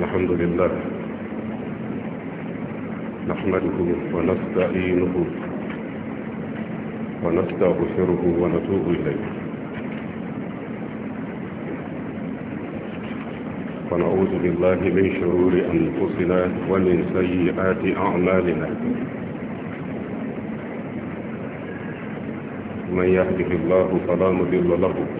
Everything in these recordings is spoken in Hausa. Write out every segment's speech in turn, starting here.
الحمد لله نحمده ونستعينه ونستغفره ونتوب إليه ونعوذ بالله من شرور أنفسنا ومن سيئات أعمالنا من يهده الله فلا مضل له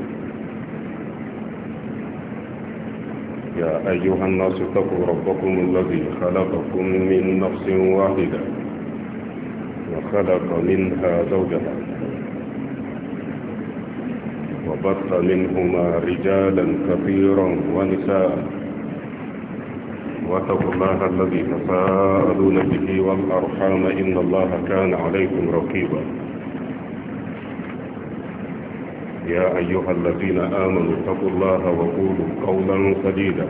يا أيها الناس اتقوا ربكم الذي خلقكم من نفس واحدة وخلق منها زوجها وبط منهما رجالا كثيرا ونساء واتقوا الله الذي تساءلون به والأرحام إن الله كان عليكم رقيبا يا أيها الذين آمنوا اتقوا الله وقولوا قولا سديدا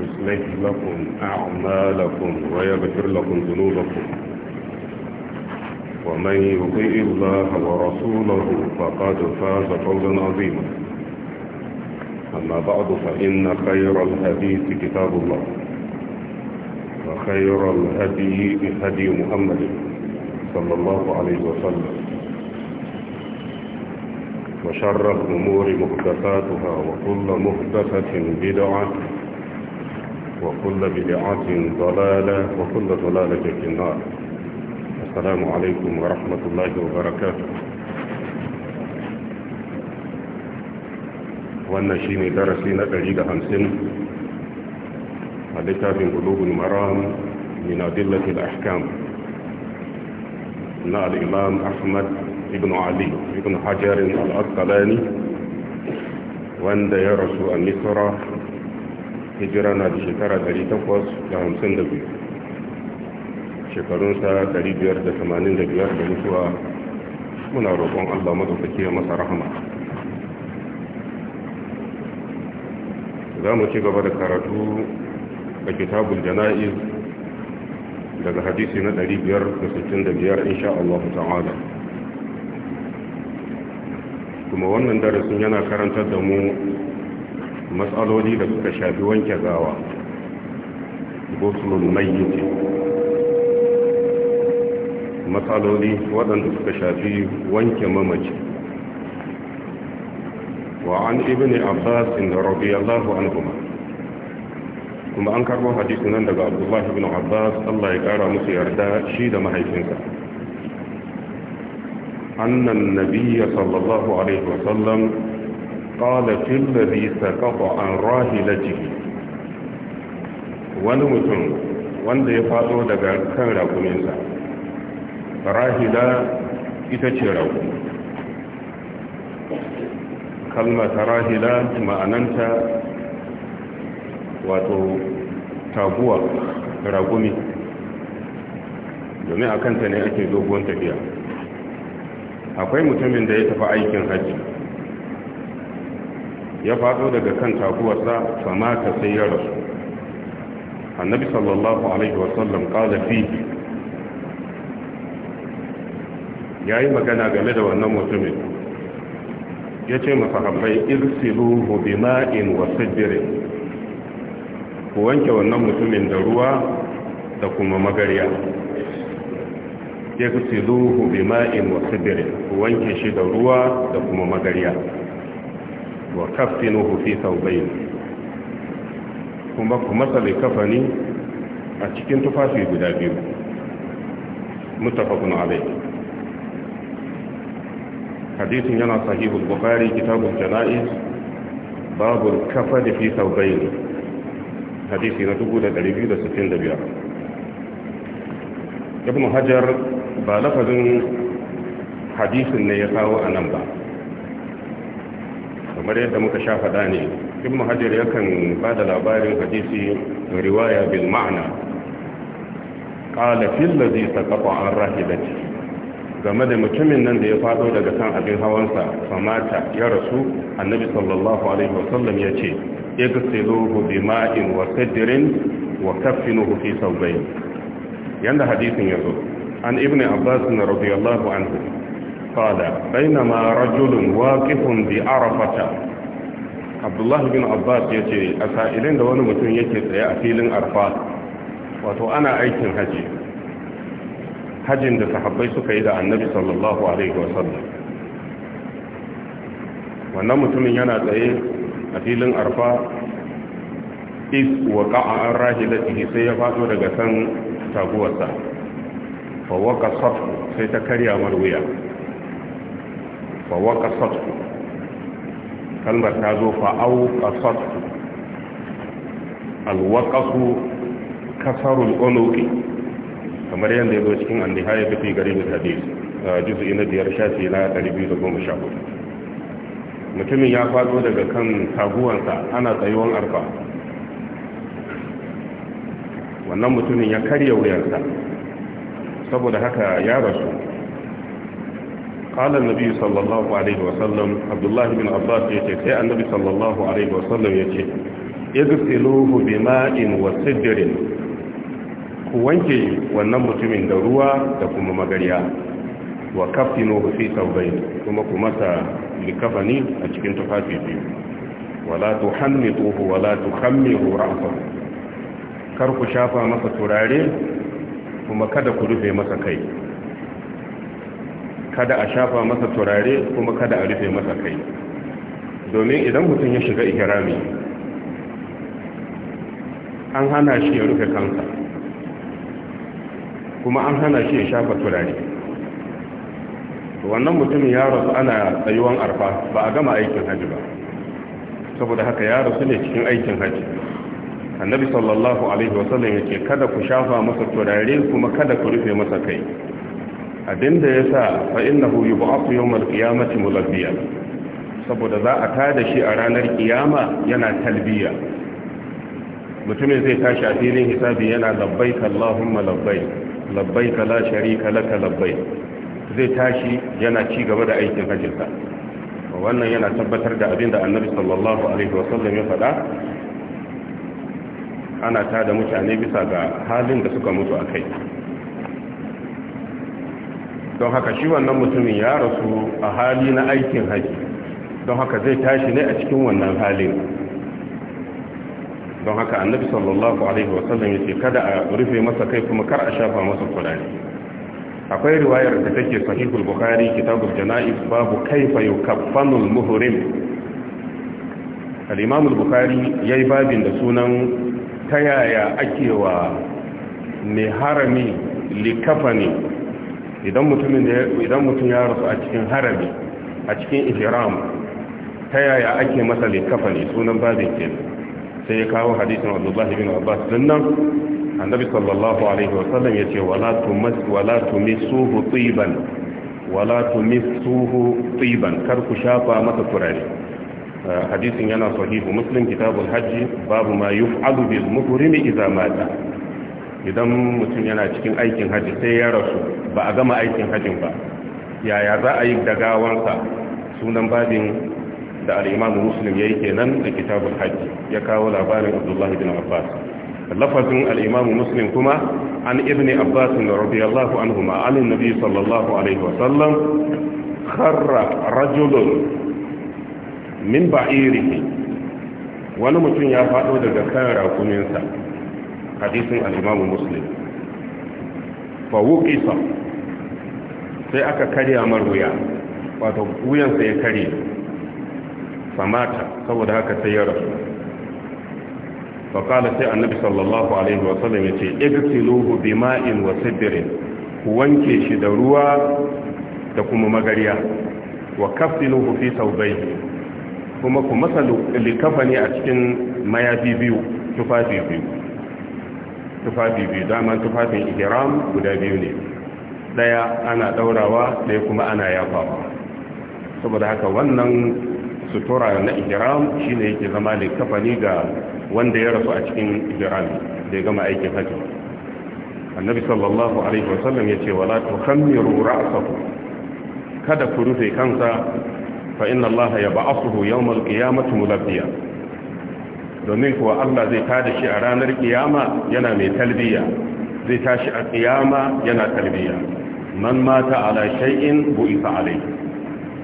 يصلح لكم أعمالكم ويغفر لكم ذنوبكم ومن يطيع الله ورسوله فقد فاز فوزا عظيما أما بعد فإن خير الحديث كتاب الله وخير الهدي هدي محمد صلى الله عليه وسلم وشر الأمور مهدفاتها وكل مهدفة بدعة وكل بدعة ضلالة وكل ضلالة في النار السلام عليكم ورحمة الله وبركاته ونشيني درسينا قريبا همسين لكتاب قلوب المرام من أدلة الأحكام نال الإمام أحمد ibn ali ibn hajar al-asqalani wanda ya rasu a misra hijira na da shekara 852 shekarunsa 585 da mutuwa muna roƙon allah maɗaukaki ya masa rahama za mu ci gaba da karatu a kitabul jana'iz daga hadisi na 565 insha Allah ta'ala kuma wannan darasin yana karantar da mu matsaloli da suka shafi wanke gawa gosulun mayyiti matsaloli waɗanda suka shafi wanke mamaci wa an ibn abbas da radiyallahu anhuma kuma an karbo hadisi nan daga abdullahi ibn abbas Allah ya kara musu yarda shi da mahaifinsa أن النبي صلى الله عليه وسلم قال في الذي سقط عن راهلته wani mutum wanda ya faɗo daga kan rakuninsa rahila ita ce raku kalmata rahila ma'ananta wato taguwa rakumi domin a kanta ne ake dogon tafiya akwai mutumin da ya tafi aikin hajji ya faɗo daga kan taguwarsa ka sai ya rasu annabi sallallahu alaihi wasallam ƙala ya yi magana game da wannan mutumin ya ce masahabbai irsiluhu bima'in wa jirin ku wanke wannan mutumin da ruwa da kuma magarya ya kusi zuhu bi ma'in wa sidirin wanke shi da ruwa da kuma magariya wa kafinuhu fi saubayin kuma ku matsale kafani a cikin tufafi guda biyu mutafakun alai Hadithin yana sahihul bukhari kitabul jana'iz babul kafa da fi saubayin hadisi na 2265 ابن hajar ba lafazin hadisin ne ya kawo a nan ba kamar yadda muka sha faɗa ne ibn hajar yakan ba da labarin hadisi riwaya bil ma'ana qala zai ladhi taqata an rahibati game da mutumin nan da ya fado daga kan abin hawansa famata ya rasu annabi sallallahu alaihi wasallam ya ce igsiluhu bima'in wa sidrin wa kaffinuhu fi thawbayn yanda hadisin zo. عن ابن عباس رضي الله عنه قال بينما رجل واقف بعرفة عبد الله بن عباس يتي أسائلين دون متن يتي سيأفيل أرفات wato ana aikin haji hajin da sahabai suka yi da annabi sallallahu alaihi wasallam wannan mutumin yana tsaye a filin arfa is wa ka'a an rahilatihi sai ya fado daga san taguwarsa fawaka satku sai ta karya marwuya fawaka satku kalmar ta zo fa'auka satku alwakasu kasarun onoki kamar yadda ya zo cikin an nihaya tafi garibin hadis juzu'i na biyar shafi na 214 mutumin ya faɗo daga kan taguwansa ana tsayuwan arfa wannan mutumin ya karya wuyansa saboda haka ya rasu qala annabi sallallahu alaihi wasallam abdullahi bin abbas ce, sai annabi sallallahu alaihi wasallam yace igsiluhu bima'in wa sidrin ku wanke wannan mutumin da ruwa da kuma magariya wa kafinuhu fi thawbayn kuma ku masa likafani a cikin tufafi biyu wala tuhammituhu wala tukammiru ra'sahu kar ku shafa masa turare kuma kada ku rufe masa kai kada a shafa masa turare kuma kada a rufe masa kai domin idan mutum ya shiga ihrami an hana shi ya rufe kansa kuma an hana shi ya shafa turare wannan mutumin ya rasu ana tsayuwan arfa ba a gama aikin hajji ba saboda haka ya rasu ne cikin aikin hajji annabi sallallahu alaihi wasallam yake kada ku shafa masa turare kuma kada ku rufe masa kai abinda yasa fa innahu yub'athu yawmal qiyamati mulabbiya saboda za a tada shi a ranar kiyama yana talbiya mutumin zai tashi a filin hisabi yana labbaik allahumma labbaik labbaik la sharika laka labbaik zai tashi yana ci gaba da aikin hajjinsa wannan yana tabbatar da abinda annabi sallallahu alaihi wasallam ya faɗa ana ta da mutane bisa ga halin da suka mutu a kai don haka shi wannan mutumin ya rasu a hali na aikin haji don haka zai tashi ne a cikin wannan halin don haka annabi sallallahu alaihi wasallam ya ce kada a rufe masa kai kuma kar a shafa masa kudari akwai riwayar da take sahihul bukhari kitabul janaiz babu kaifa al muhrim al-imam al-bukhari yayi babin da sunan ta yaya ake wa mai harami likafani idan mutum ya rasu a cikin harami a cikin ihram ta yaya ake masa likafani sunan babin ke sai ya kawo hadisin abdullahi bin abbas dinnan annabi sallallahu alaihi wasallam ya ce wala tumas wala tumisuhu tiban wala tumisuhu kar ku shafa masa turare hadisin yana sahihu muslim kitabul hajji babu ma yuf'alu bil muhrimi idza mata idan mutum yana cikin aikin haji sai ya rasu ba a gama aikin hajin ba yaya za a yi da gawansa sunan babin da al'imamu muslim ya yi kenan da kitabul hajji ya kawo labarin abdullahi bin abbas lafazin al'imamu muslim kuma an ibni abbas da radiyallahu anhu ma'anin nabi sallallahu alaihi wa wasallam kharra rajulun min ba'irihi wani mutum ya faɗo daga kan rakuminsa hadisin al'imamu muslim fa wuƙisa sai aka karya mar wuya wuyansa ya karya. Samata, saboda haka sai ya rasu faƙala sai annabi sallallahu alaihi wasallam ya ce igtiluhu bima'in wa sidirin ku wanke shi da ruwa da kuma magariya wa kaftiluhu fi saubaihi kuma ku masa likafani a cikin mayafi biyu tufafi biyu tufafi biyu dama tufafin ihram guda biyu ne daya ana daurawa daya kuma ana yafawa saboda haka wannan sutura na ihram ne yake zama likafani ga wanda ya rasu a cikin ihram da ya gama aikin haji annabi sallallahu alaihi wasallam ce, wala tukhammiru ra'sahu kada ku rufe kansa fa Allah ya ba'asuhu yawmal qiyamati mulabbiya domin kuwa Allah zai tada shi a ranar ƙiyama, yana mai talbiya zai tashi a ƙiyama yana talbiya man mata ala bu isa alai.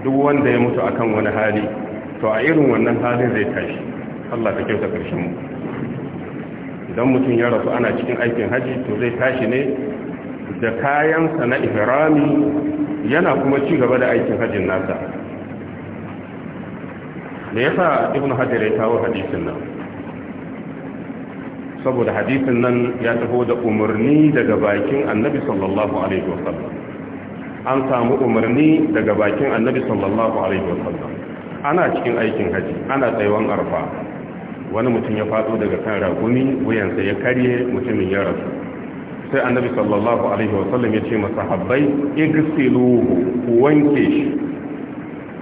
duk wanda ya mutu akan wani hali to a irin wannan halin zai tashi Allah ta kyauta karshen mu idan mutum ya rasu ana cikin aikin haji to zai tashi ne da kayansa na ihrami yana kuma ci gaba da aikin hajin nasa me yasa ibn hajar ya kawo hadisin nan saboda hadisin nan ya taho da umarni daga bakin annabi sallallahu alaihi wasallam an samu umarni daga bakin annabi sallallahu alaihi wasallam ana cikin aikin haji ana tsayuwan arfa wani mutum ya faɗo daga kan raguni wuyansa ya karye mutumin ya rasu sai annabi sallallahu alaihi wasallam ya ce masa habbai igsiluhu ku wanke shi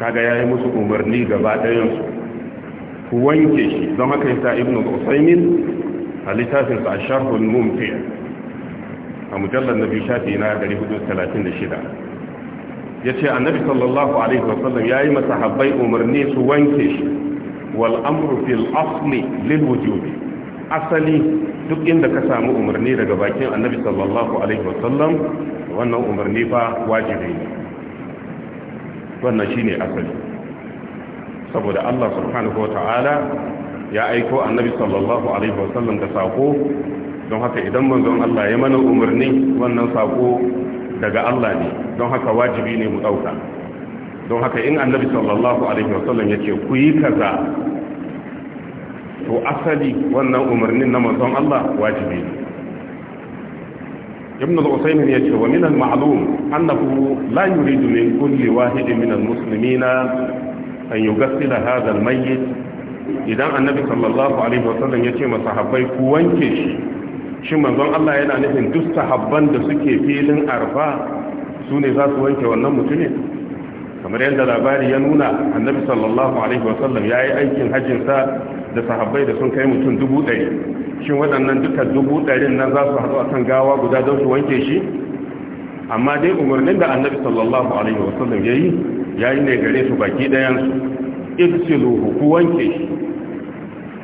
kaga yi musu umarni gaba ɗayan ku wanke shi don haka yasa Ibn usaymin a littafin sa sharhul mumti a mujallar nabi shafi na 436 yace annabi sallallahu alaihi wasallam yayi masahabbai umarni su wanke shi wal amru fil asli lil wujubi asali duk inda ka samu umarni daga bakin annabi sallallahu alaihi wasallam wannan umarni fa wajibi ne wannan ne asali saboda Allah subhanahu wataala ya aiko annabi sallallahu alaihi wasallam da sako don haka idan manzon Allah ya mana umarni wannan sako daga Allah ne don haka wajibi ne mu dauka don haka in annabi sallallahu alaihi wasallam ce ku yi kaza to asali wannan umarnin na manzon Allah wajibi ne ibn al-usaymin yace wa min al-ma'lum annahu la yuridu min kulli wahidin min al-muslimina an yugassila hadha al-mayyit idan annabi sallallahu alaihi wasallam yace masahabbai ku wanke shi shin manzon Allah yana nufin duk sahaban da suke filin arfa su ne za su wanke wannan mutumin kamar yadda labari ya nuna annabi sallallahu alaihi wasallam ya yi aikin hajjinsa da sahabbai da sun kai mutum dubu ɗari shin waɗannan duka dubu ɗarin nan za su haɗu a kan gawa guda don su wanke shi amma dai umarnin da annabi sallallahu alaihi wasallam ya yi ya yi ne gare su baki ɗayansu ifsiluhu ku wanke shi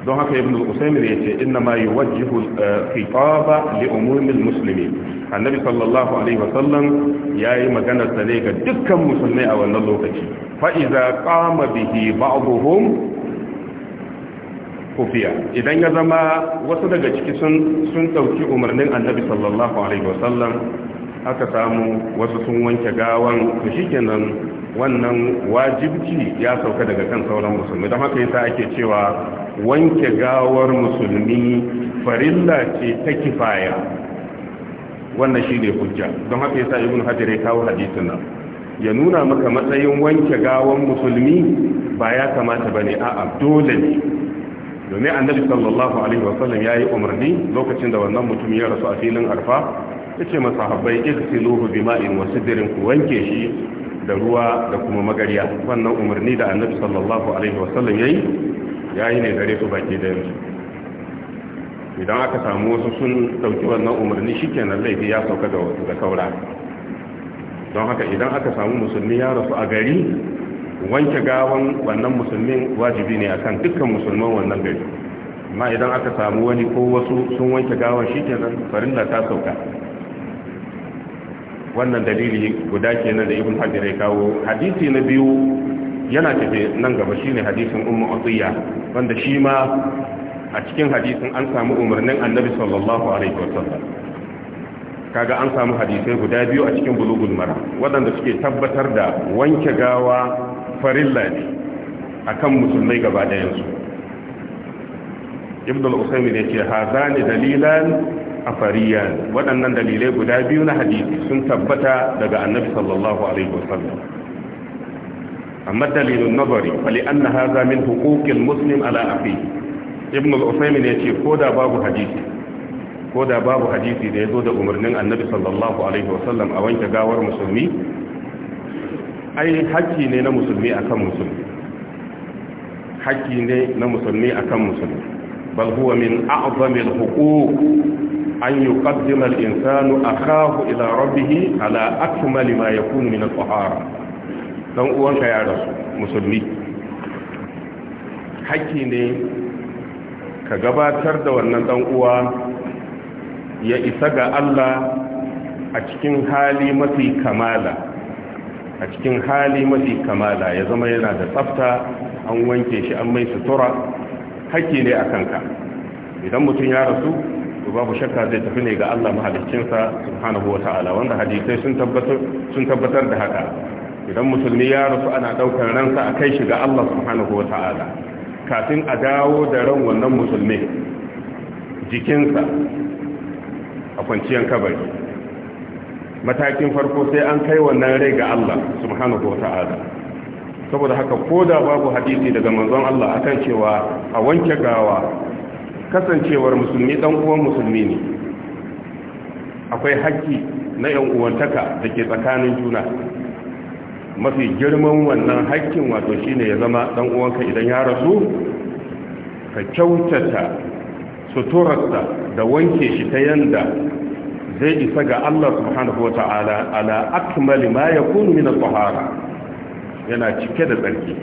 don haka ibn al-usaymin ya ce inna ma yuwajjihu eh, khitaba li umumi muslimin annabi sallallahu alaihi wasallam yi magana ta ne ga dukkan musulmai a wannan lokaci fa iza qama bihi ba'dhum kufiya idan ya zama wasu daga ciki sun ɗauki umarnin annabi sallallahu alaihi wasallam aka samu wasu sun wanke gawan to shikenan wannan wajibci ya sauka daga kan sauran musulmi don haka yasa ake cewa wanke gawar musulmi farilla ce ta kifaya wannan shi ne hujja don haka yasa ibn hajar ya kawo hadisin nan ya nuna maka matsayin wanke gawan musulmi ba ya kamata bane a'a dole ne domin annabi sallallahu alaihi wasallam yayi umarni lokacin da wannan mutum ya rasu a filin arfa yace masahabbai igsiluhu bima'in wa sidrin ku wanke shi da ruwa da kuma magariya wannan umarni da annabi sallallahu alaihi wasallam yayi yayi ne gare su baki da yanzu idan aka samu wasu sun dauki wannan umarni shikenan laifi ya sauka ga wasu da kaura don haka idan aka samu musulmi ya rasu a gari wanke gawan wannan musulmin wajibi ne akan dukkan musulman wannan gari amma idan aka samu wani ko wasu sun wanke gawan shi ke nan da ta sauka wannan dalili guda kenan da ibn hajji ya kawo hadisi na biyu yana tafe nan gaba shi ne hadisin umar atiya wanda shi ma a cikin hadisin an samu umarnin annabi sallallahu alaihi wasallam kaga an samu hadisai guda biyu a cikin bulugul mara waɗanda suke tabbatar da wanke gawa farilla ne kan musulmai gaba Ibnul ibn al ce haza hazani dalilan a afariyan waɗannan dalilai guda biyu na hadisi sun tabbata daga annabi sallallahu alaihi wasallam amma dalilun nazari an na haza min hukukin muslim ala Ibnul ibn al ce ko da babu hadisi ko da babu hadisi da zo da umarnin annabi sallallahu alaihi wasallam a wanke gawar musulmi ai haƙƙi ne na musulmi akan musulmi haƙƙi ne na musulmi akan musulmi bal huwa min a'zami al-huquq an yuqaddima al-insanu akhahu ila rabbih ala akmali ma yakunu min al-tahara dan uwanka ya rasu musulmi haƙƙi ne ka gabatar da wannan dan uwa ya isa ga Allah a cikin hali mafi kamala a cikin hali mafi kamala ya zama yana da tsafta an wanke shi an mai sutura hakki ne a kanka idan mutum ya rasu to babu shakka zai tafi ne ga Allah mahaliccinsa subhanahu ta'ala wanda hadisai sun tabbatar sun tabbatar da haka idan musulmi ya rasu ana daukar ransa a kai shi ga Allah subhanahu ta'ala kafin a dawo da ran wannan musulmi jikinsa a kwanciyar kabari matakin farko sai an kai wannan rai ga Allah subhanahu wata'ala saboda haka ko da babu hadisi daga manzon Allah akan cewa a wanke gawa kasancewar musulmi dan uwan musulmi ne akwai haƙƙi na yan uwantaka da ke tsakanin juna mafi girman wannan haƙƙin wato shine ya zama dan uwanka idan ya rasu ka kyautata suturarsa da wanke shi ta yanda zai isa ga Allah subhanahu wa ta'ala ala akmali ma yakunu min al-tahara yana cike da tsarki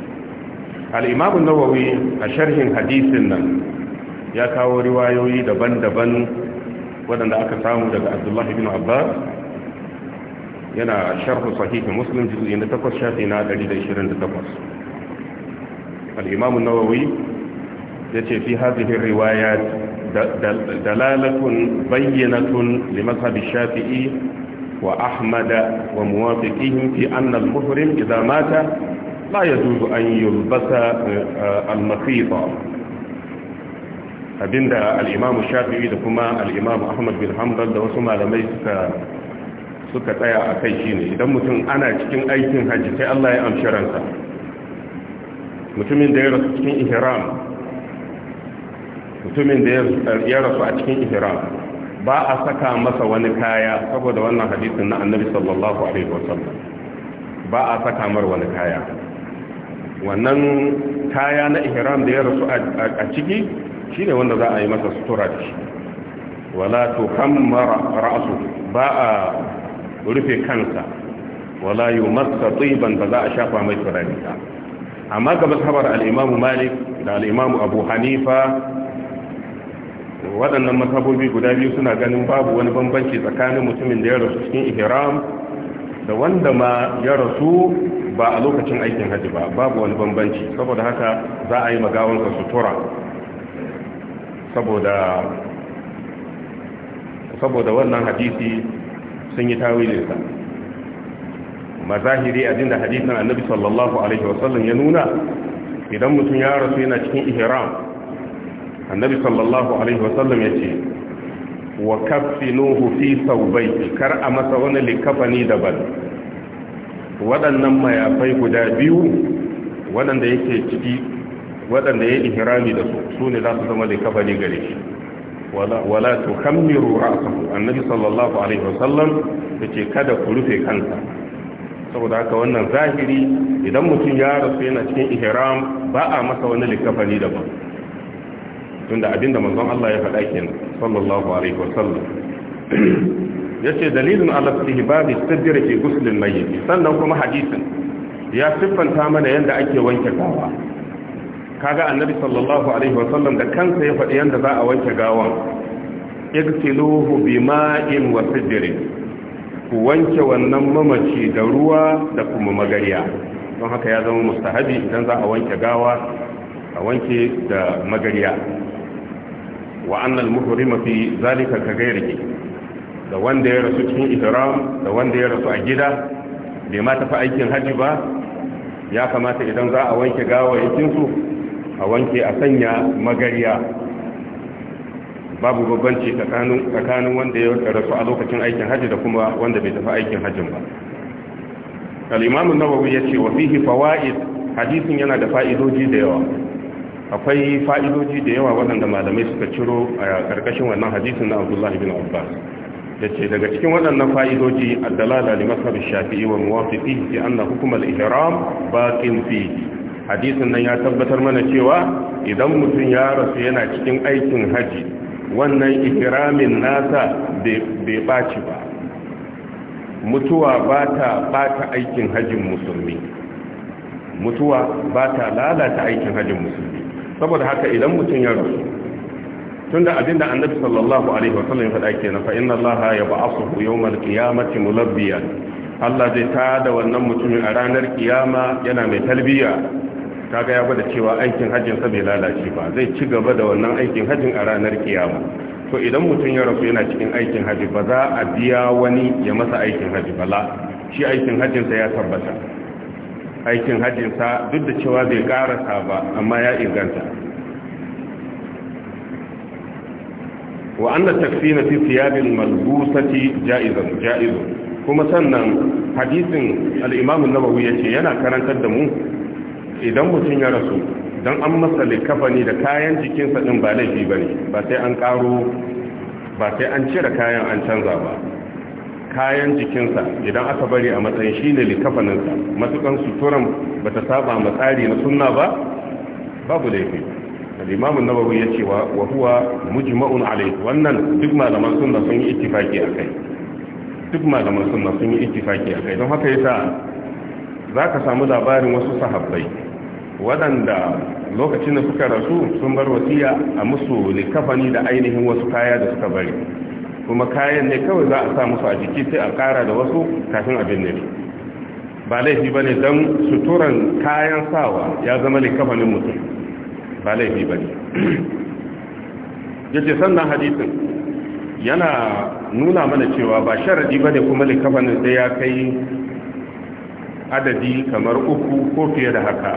al-imam nawawi a sharhin hadisin nan ya kawo riwayoyi daban-daban waɗanda aka samu daga Abdullah bin Abbas yana sharh sahihin Muslim juz'i na takwas shafi na 128 al-imam an-nawawi fi hadhihi riwayat dalalatun bayyanatun li mazhab shafi'i wa ahmad wa muwafiqihim fi anna al-muhrim idha mata la yajuzu an yulbasa eh, al al'imamu shafi'i da kuma al'imamu ahmad bin hamdal da wasu malamai suka tsaya a kai shi ne idan mutum ana cikin aikin hajji sai allah ya amshi ransa mutumin da ya rasu cikin ihram mutumin da ya rasu a cikin ihram ba a saka masa wani kaya saboda wannan hadisin na annabi sallallahu alaihi wasallam ba a saka mar wani kaya wannan kaya na ihram da ya rasu a ciki shine wanda za a yi masa sutura da shi wala tuhammara ra'su ba a rufe kansa wala yumassa tiban ba za a shafa mai turare amma ga mazhabar al-imam Malik da al-imam Abu Hanifa waɗannan matabobi guda biyu suna ganin babu wani bambanci tsakanin mutumin da ya rasu cikin ihram da wanda ma ya rasu ba a lokacin aikin haji ba babu wani bambanci saboda haka za a yi magawansa sutura saboda saboda wannan hadisi sun yi tawilinsa mazahiri da hadisin annabi sallallahu alaihi wasallam ya nuna idan mutum ya rasu yana cikin ihram annabi sallallahu alaihi wasallam ya ce wa kafinuhu fi saubaiki kar a masa wani likafani daban waɗannan mayafai guda biyu waɗanda yake ciki waɗanda ya ihrami da su su ne za su zama likafani gare shi wala tukammiru ra'sahu annabi sallallahu alaihi wasallam ce kada ku rufe kansa saboda haka wannan zahiri idan mutum ya rasu yana cikin ihram ba a masa wani likafani daban tunda abinda manzon Allah ya faɗa kenan sallallahu alaihi wasallam yace dalilin ala istihbab istidra fi ghusl al-mayyit sannan kuma hadisin ya siffanta mana yanda ake wanke gawa kaga annabi sallallahu alaihi wasallam da kansa ya faɗi yanda za a wanke gawan igsiluhu bima'in wa sidrin ku wanke wannan mamaci da ruwa da kuma magariya don haka ya zama mustahabi idan za a wanke gawa a wanke da magariya wa annal muhrima fi zalika ka gairiki da wanda ya rasu cikin ihram da wanda ya rasu a gida bai ma tafi aikin haji ba ya kamata idan za a wanke gawayyakin su a wanke a sanya magariya babu babbanci tsakanin tsakanin wanda ya rasu a lokacin aikin haji da kuma wanda bai tafi aikin hajin ba al-imam an-nawawi yace wa fihi fawaid hadisin yana da fa'idoji da yawa akwai fa’iloji da yawa waɗanda malamai suka ciro a ƙarƙashin wannan hadisin na abdullahi bin abbas da ce daga cikin waɗannan a addalala da masar shafi'i wa muwafifi ke an na hukumar ihram baƙin fi hadisin nan ya tabbatar mana cewa idan mutum ya rasu yana cikin aikin haji wannan ihramin nasa bai ɓaci ba mutuwa ba ta ɓata aikin musulmi mutuwa ba ta lalata aikin hajjin musulmi saboda haka idan mutum ya rasu tunda abin da annabi sallallahu alaihi wasallam ya faɗa kenan fa inna allaha yab'athuhu yawmal qiyamati mulabbiyan Allah zai da wannan mutumin a ranar kiyama yana mai talbiya kaga ya gwada cewa aikin hajjin sa bai lalace ba zai ci gaba da wannan aikin hajjin a ranar kiyama to idan mutum ya rasu yana cikin aikin hajji ba za a biya wani ya masa aikin hajji ba la shi aikin hajjin sa ya tabbata aikin hajjinsa duk da cewa bai karasa ba amma ya inganta wa anna takfina fi thiyabil malbusati jaizun jaizun kuma sannan hadisin al-imam an-nawawi yace yana karantar da mu idan mutum ya rasu dan an masa likafani da kayan jikinsa din ba laifi bane ba sai an karo ba sai an cire kayan an canza ba kayan jikinsa idan aka bari a matsayin shi ne likafaninsa matukan suturan ba ta saba matsari na sunna ba babu laifi al'imamun babu ya ce wa huwa mujma'un alai wannan duk malaman suna sun yi ittifaki a kai duk malaman suna sun yi ittifaki a kai don haka yasa za ka samu labarin wasu sahabbai waɗanda lokacin da suka rasu sun bar wasiya a musu likafani da ainihin wasu kaya da suka bari kuma kayan ne kawai za a sa musu a jiki sai a kara da wasu kafin abin ne ba laifi ba ne don suturan kayan sawa ya zama likafanin mutum ba laifi ba ne ya sannan hadisin yana nuna mana cewa ba sharadi ba ne kuma likafanin sai ya kai adadi kamar uku ko fiye da haka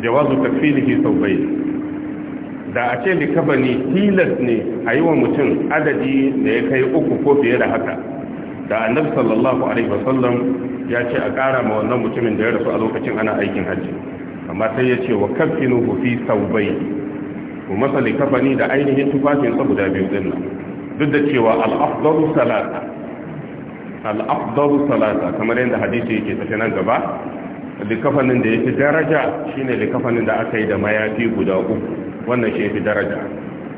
jawazu tafilihi sau bai da a ce likabani tilas ne a yi wa mutum adadi da ya kai uku ko fiye da haka da annabi sallallahu alaihi wasallam ya ce a kara ma wannan mutumin da ya rasu a lokacin ana aikin hajji amma sai ya ce wa kafinu fi saubai ku masa likabani da ainihin tufafin sa guda biyu din nan duk da cewa al-afdalu salata kamar yadda hadisi yake tafi nan gaba likafanin da yake daraja shine likafanin da aka yi da mayafi guda uku wannan shi fi daraja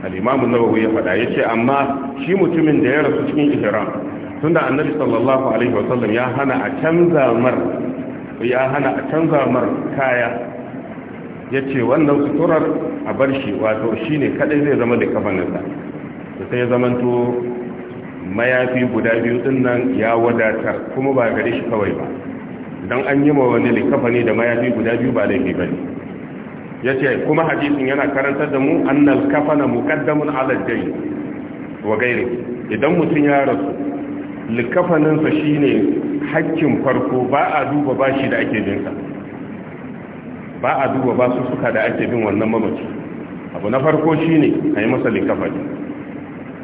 al-imamu nawawi ya faɗa ya ce amma shi mutumin da ya rasu cikin ihram tunda annabi sallallahu alaihi wasallam ya hana a canza mar ya hana a canza mar kaya yace wannan suturar a bar shi wato shine kadai zai zama da kafaninsa sai ya zamanto mayafi guda biyu din nan ya wadata kuma ba gare shi kawai ba idan an yi ma wani likafani da mayafi guda biyu ba laifi ba ne Ya ce kuma hadisin yana karantar da mu annal kafana muqaddamun ala dayn wa gairi idan mutum ya rasu likafaninsa shine hakkin farko ba a duba bashi da ake binsa ba a duba basu suka da ake bin wannan mamaci abu na farko shine a yi masa likafani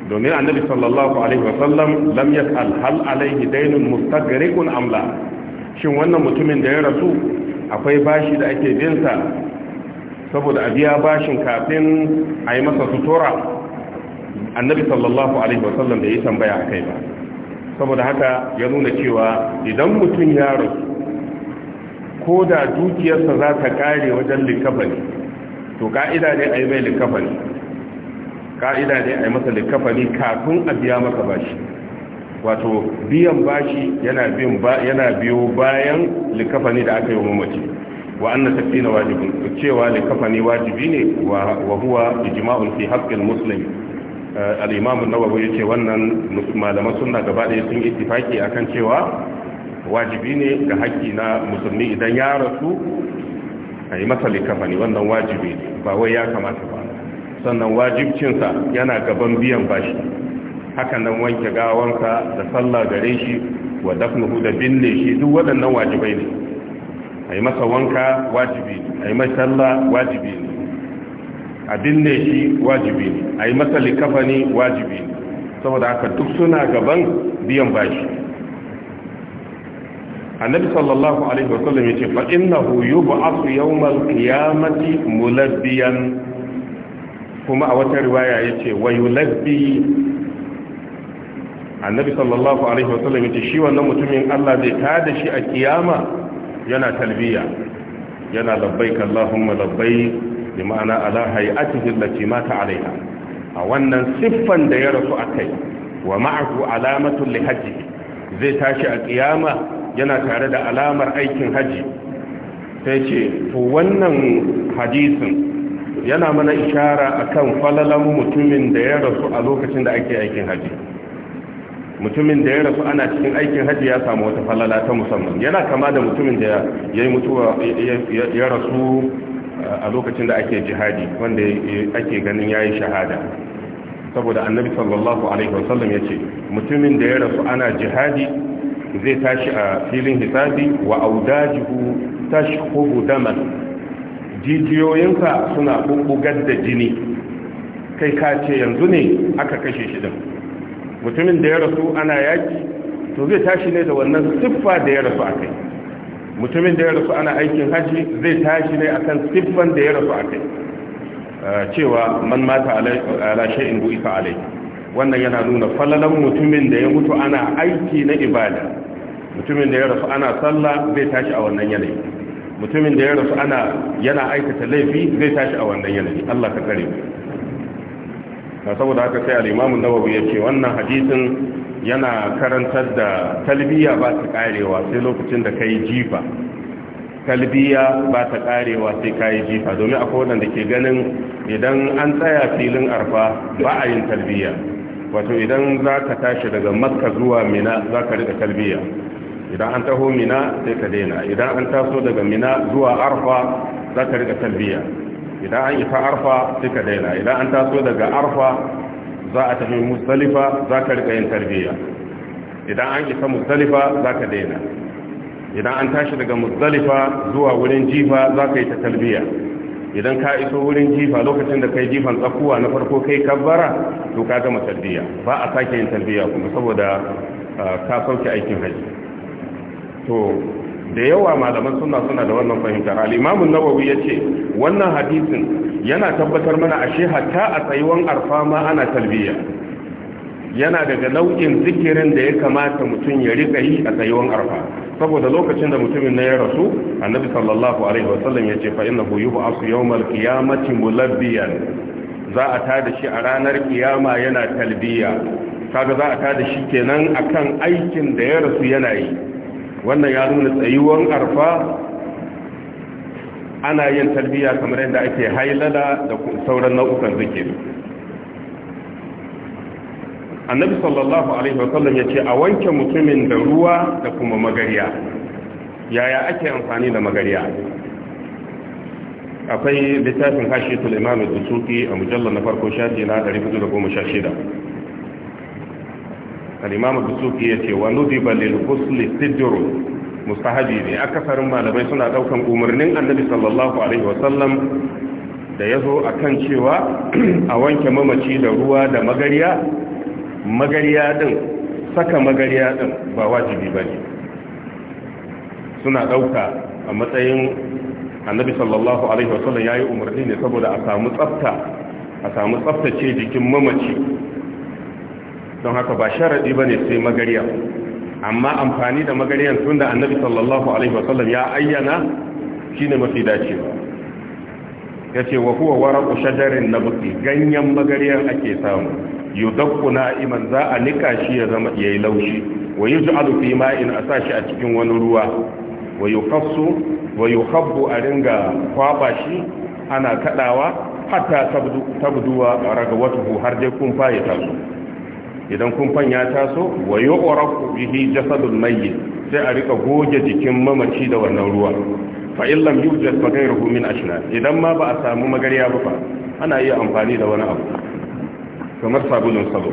domin annabi sallallahu alaihi wasallam lam yas'al hal alaihi daynun mustaghrikun amla shin wannan mutumin da ya rasu akwai bashi da ake binsa saboda a biya bashin kafin a yi masa sutura annabi sallallahu alaihi wasallam da ya tambaya a kai ba saboda haka ya nuna cewa idan mutum ya rasu ko da dukiyarsa za ta kare wajen likafani to ka'ida ne a yi mai likafani ka'ida ne a yi masa likafani kafin a biya masa bashi wato biyan bashi yana biyo bayan likafani da aka yi wa mamaci wa anna takfina wajibun cewa ne kafani wajibi ne wa huwa ijma'un fi al muslim eh, al-imam an-nawawi yace wannan malaman sunna gaba ɗaya sun ittifaki akan cewa wajibi ne ga haƙƙi na musulmi idan ya rasu a yi masa likafani wannan wajibi ne. ba wai ya kamata ba sannan wajibcinsa yana gaban biyan bashi Haka nan wanke gawansa da sallah gare shi wa dafnuhu da binne shi duk waɗannan wajibai ne a yi masa wanka wajibi ne a yi masa sallah wajibi ne a binne shi wajibi ne a yi masa likafani wajibi ne saboda haka duk suna gaban biyan bashi annabi sallallahu alaihi wasallam yace fa innahu yub'athu yawmal qiyamati mulabbiyan kuma a wata riwaya yace wa yulabbi annabi sallallahu alaihi wasallam ce, shi wannan mutumin Allah zai tada shi a kiyama yana talbiya yana labbaik Allahumma labbai, bi ma'ana ala hay'atihi allati mata alaiha a wannan siffan da ya rasu akai wa ma'ahu alamatu li hajji zai tashi a kiyama yana tare da alamar aikin hajji. sai ce to wannan hadisin yana mana ishara akan falalan mutumin da ya rasu a lokacin da ake aikin hajji. mutumin da ya rasu ana cikin aikin hajji ya samu wata falala ta musamman yana kama da mutumin da ya mutuwa ya rasu a lokacin da ake jihadi wanda ake ganin ya yi shahada saboda annabi sallallahu alaihi wasallam ya ce mutumin da ya rasu ana jihadi zai tashi a filin hisabi wa audajihu tashhubu daman jijiyoyinsa suna bubbugar da jini kai ka ce yanzu ne aka kashe shi din mutumin da ya rasu ana yaki to zai tashi ne da wannan siffa da ya rasu a kai mutumin da ya rasu ana aikin haji zai tashi ne akan siffan da ya rasu a kai eh, cewa man mata ala shay'in bu isa alai wannan yana nuna falalan mutumin da ya mutu ana aiki na ibada mutumin da ya rasu ana sallah zai tashi a wannan yanayi mutumin da ya rasu ana yana aikata laifi zai tashi a wannan yanayi Allah ka kare mu saboda haka sai al-imamu nawawi ya ce wannan hadisin yana karantar da talbiya ba ta karewa sai lokacin da kai jifa talbiya ba ta karewa sai kai jifa domin akwai wanda ke ganin idan an tsaya filin arfa ba a yin talbiya wato idan za ka tashi daga makka zuwa mina za ka rika talbiya idan an taho mina sai ka daina idan an taso daga mina zuwa arfa za ka rika talbiya idan an isa arfa sai ka daina idan an taso daga arfa za a tafi musdalifa za ka rika yin tarbiya idan an isa musdalifa za ka daina idan an tashi daga musdalifa zuwa wurin jifa za ka yi ta tarbiya idan ka iso wurin jifa lokacin da kai jifan tsakuwa na farko kai kabbara to ka gama tarbiya ba a sake yin tarbiya kuma saboda ah, ka sauke aikin haji to da yawa malaman suna suna da wannan fahimtar al'imamun nawawi ya ce wannan hadisin yana tabbatar mana ashe hatta a tsayuwan arfa ma ana talbiya yana daga nau'in zikirin da ya kamata mutum ya riƙa yi a tsayuwan arfa saboda lokacin da mutumin na ya rasu annabi sallallahu alaihi wasallam ya ce fa innahu yub'asu yawmal qiyamati mulabbiyan za a tada shi a ranar kiyama yana talbiya kaga za a tada shi kenan akan aikin da ya rasu yana yi wannan ya nuna tsayuwan arfa ana yin talbiya kamar yadda ake hailala da sauran nau'ukan zikiri annabi sallallahu alaihi wasallam ya ce a wanke mutumin da ruwa da kuma magariya yaya ake amfani da magariya akwai littafin Hashi imam da dusuki a mujallar na farko shafi na 416 al-imam ya yace wa nudiba lil ghusl sidr mustahabi ne akasarin malamai suna daukan umarnin annabi sallallahu alaihi wasallam da yazo kan cewa a wanke mamaci da ruwa da magariya magariya din saka magariya din ba wajibi ba ne. suna dauka a matsayin annabi sallallahu alaihi wasallam umarni ne saboda a samu tsafta a samu tsaftace jikin mamaci don haka ba ba ne sai magariya amma amfani da magariyan tunda annabi sallallahu alaihi wasallam ya ayyana shine mafi dacewa yace wa huwa waraqu na nabqi ganyen magariyan ake samu na na'iman za a nika shi ya zama yayi laushi wa yuj'alu fi ma'in asashi a cikin wani ruwa wa yukassu wa a ringa kwaba shi ana kadawa hatta tabdu tabduwa ragawatu har dai kun faye tasu idan kumfan ya taso wa yu'rafu bihi jasadul mayyit sai a rika goge jikin mamaci da wannan ruwa fa in lam yujad fa min ashna idan ma ba a samu magariya ba ana iya amfani da wani abu kamar sabulun salo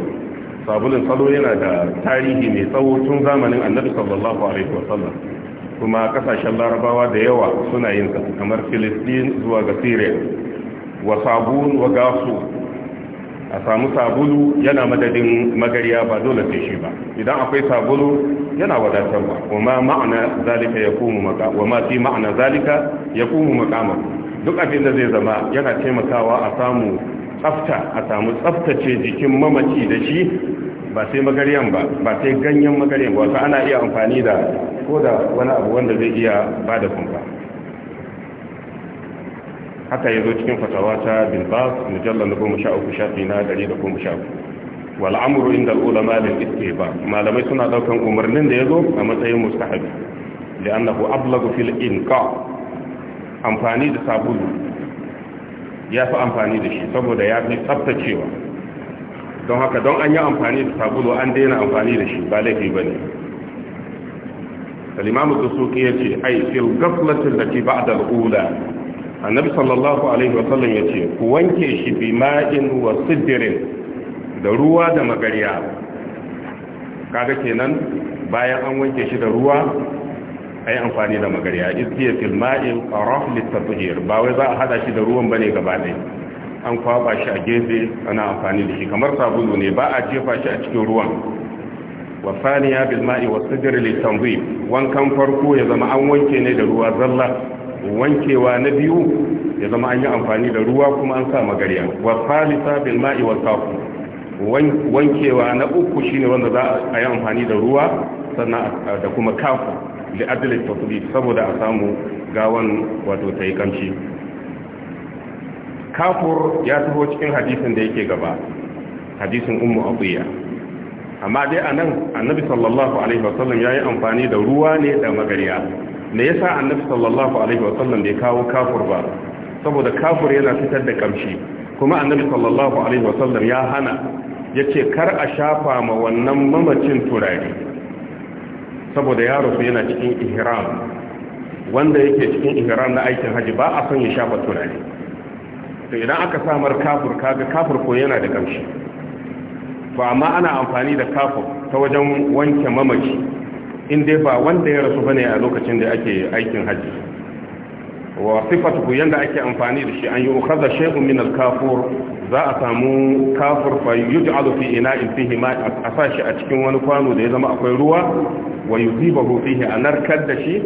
sabulun salo yana da tarihi mai tsawo tun zamanin annabi sallallahu alaihi wasallam kuma kasashen larabawa da yawa suna yin sa kamar filistin zuwa ga wa sabun wa gasu a samu sabulu yana madadin magariya ba dole sai shi ba idan akwai sabulu yana wadatarwa kuma ma'ana zalika ya kuma maka wa ma fi ma'ana zalika ya kuma makama duk abin da zai zama yana taimakawa a samu tsafta a samu tsaftace jikin mamaci da shi ba sai magariyan ba ba sai ganyen magariyan ba wasu ana iya amfani da ko da wani abu wanda zai iya ba da kumfa haka ya zo cikin fatawa ta bilbas mujallar na goma sha uku shafi na ɗari da goma sha uku wal'amuru inda al'ulama da iske ba malamai suna ɗaukan umarnin da ya zo a matsayin mustahabi da annahu ablagu fil inqa amfani da sabulu ya fi amfani da shi saboda ya fi tsaftacewa don haka don an yi amfani da sabulu an daina amfani da shi ba laifi ba ne alimamu da suke ya ce ai fil gaflatin da ke ba'da al'ula annabi sallallahu alaihi wa sallam ya ce ku wanke shi bi ma'in wa sidirin da ruwa da magariya kaga kenan bayan an wanke shi da ruwa ai amfani da magariya iskiya fil ma'in qaraf litafhir ba wai za a hada shi da ruwan bane gaba ɗaya an kwaba shi a gefe ana amfani da shi kamar sabulu ne ba a jefa shi a cikin ruwan wa saniya bil ma'i wa sidr litanzif wankan farko ya zama an wanke ne da ruwa zalla wankewa na biyu ya zama an yi amfani da ruwa kuma an sa magariya wa salisa bil ma'i wa safu wankewa na uku shine wanda za a yi amfani da ruwa sannan da kuma kafu li adli tasbih saboda a samu gawan wato tayi kamshi kafur ya taho cikin hadisin da yake gaba hadisin ummu abiya amma dai anan annabi sallallahu alaihi wasallam yayi amfani da ruwa ne da magariya me yasa annabi sallallahu alaihi wa sallam bai kawo kafur ba saboda kafur yana fitar da kamshi kuma annabi sallallahu alaihi wa sallam ya hana yace kar a shafa ma wannan mamacin turare saboda yaro su yana cikin ihram wanda yake cikin ihram na aikin haji ba a son ya shafa turare to idan aka samar kafur kaga kafur ko yana da kamshi to amma ana amfani da kafur ta wajen wanke mamaci in dai ba wanda ya rasu bane a lokacin da ake aikin haji wa sifatuhu yanda ake amfani da shi an yi ukhadha shay'un min al-kafur za a samu kafur fa yuj'alu fi ina'in fihi ma asashi a cikin wani kwano da ya zama akwai ruwa wa yuzibahu fihi anarkar da shi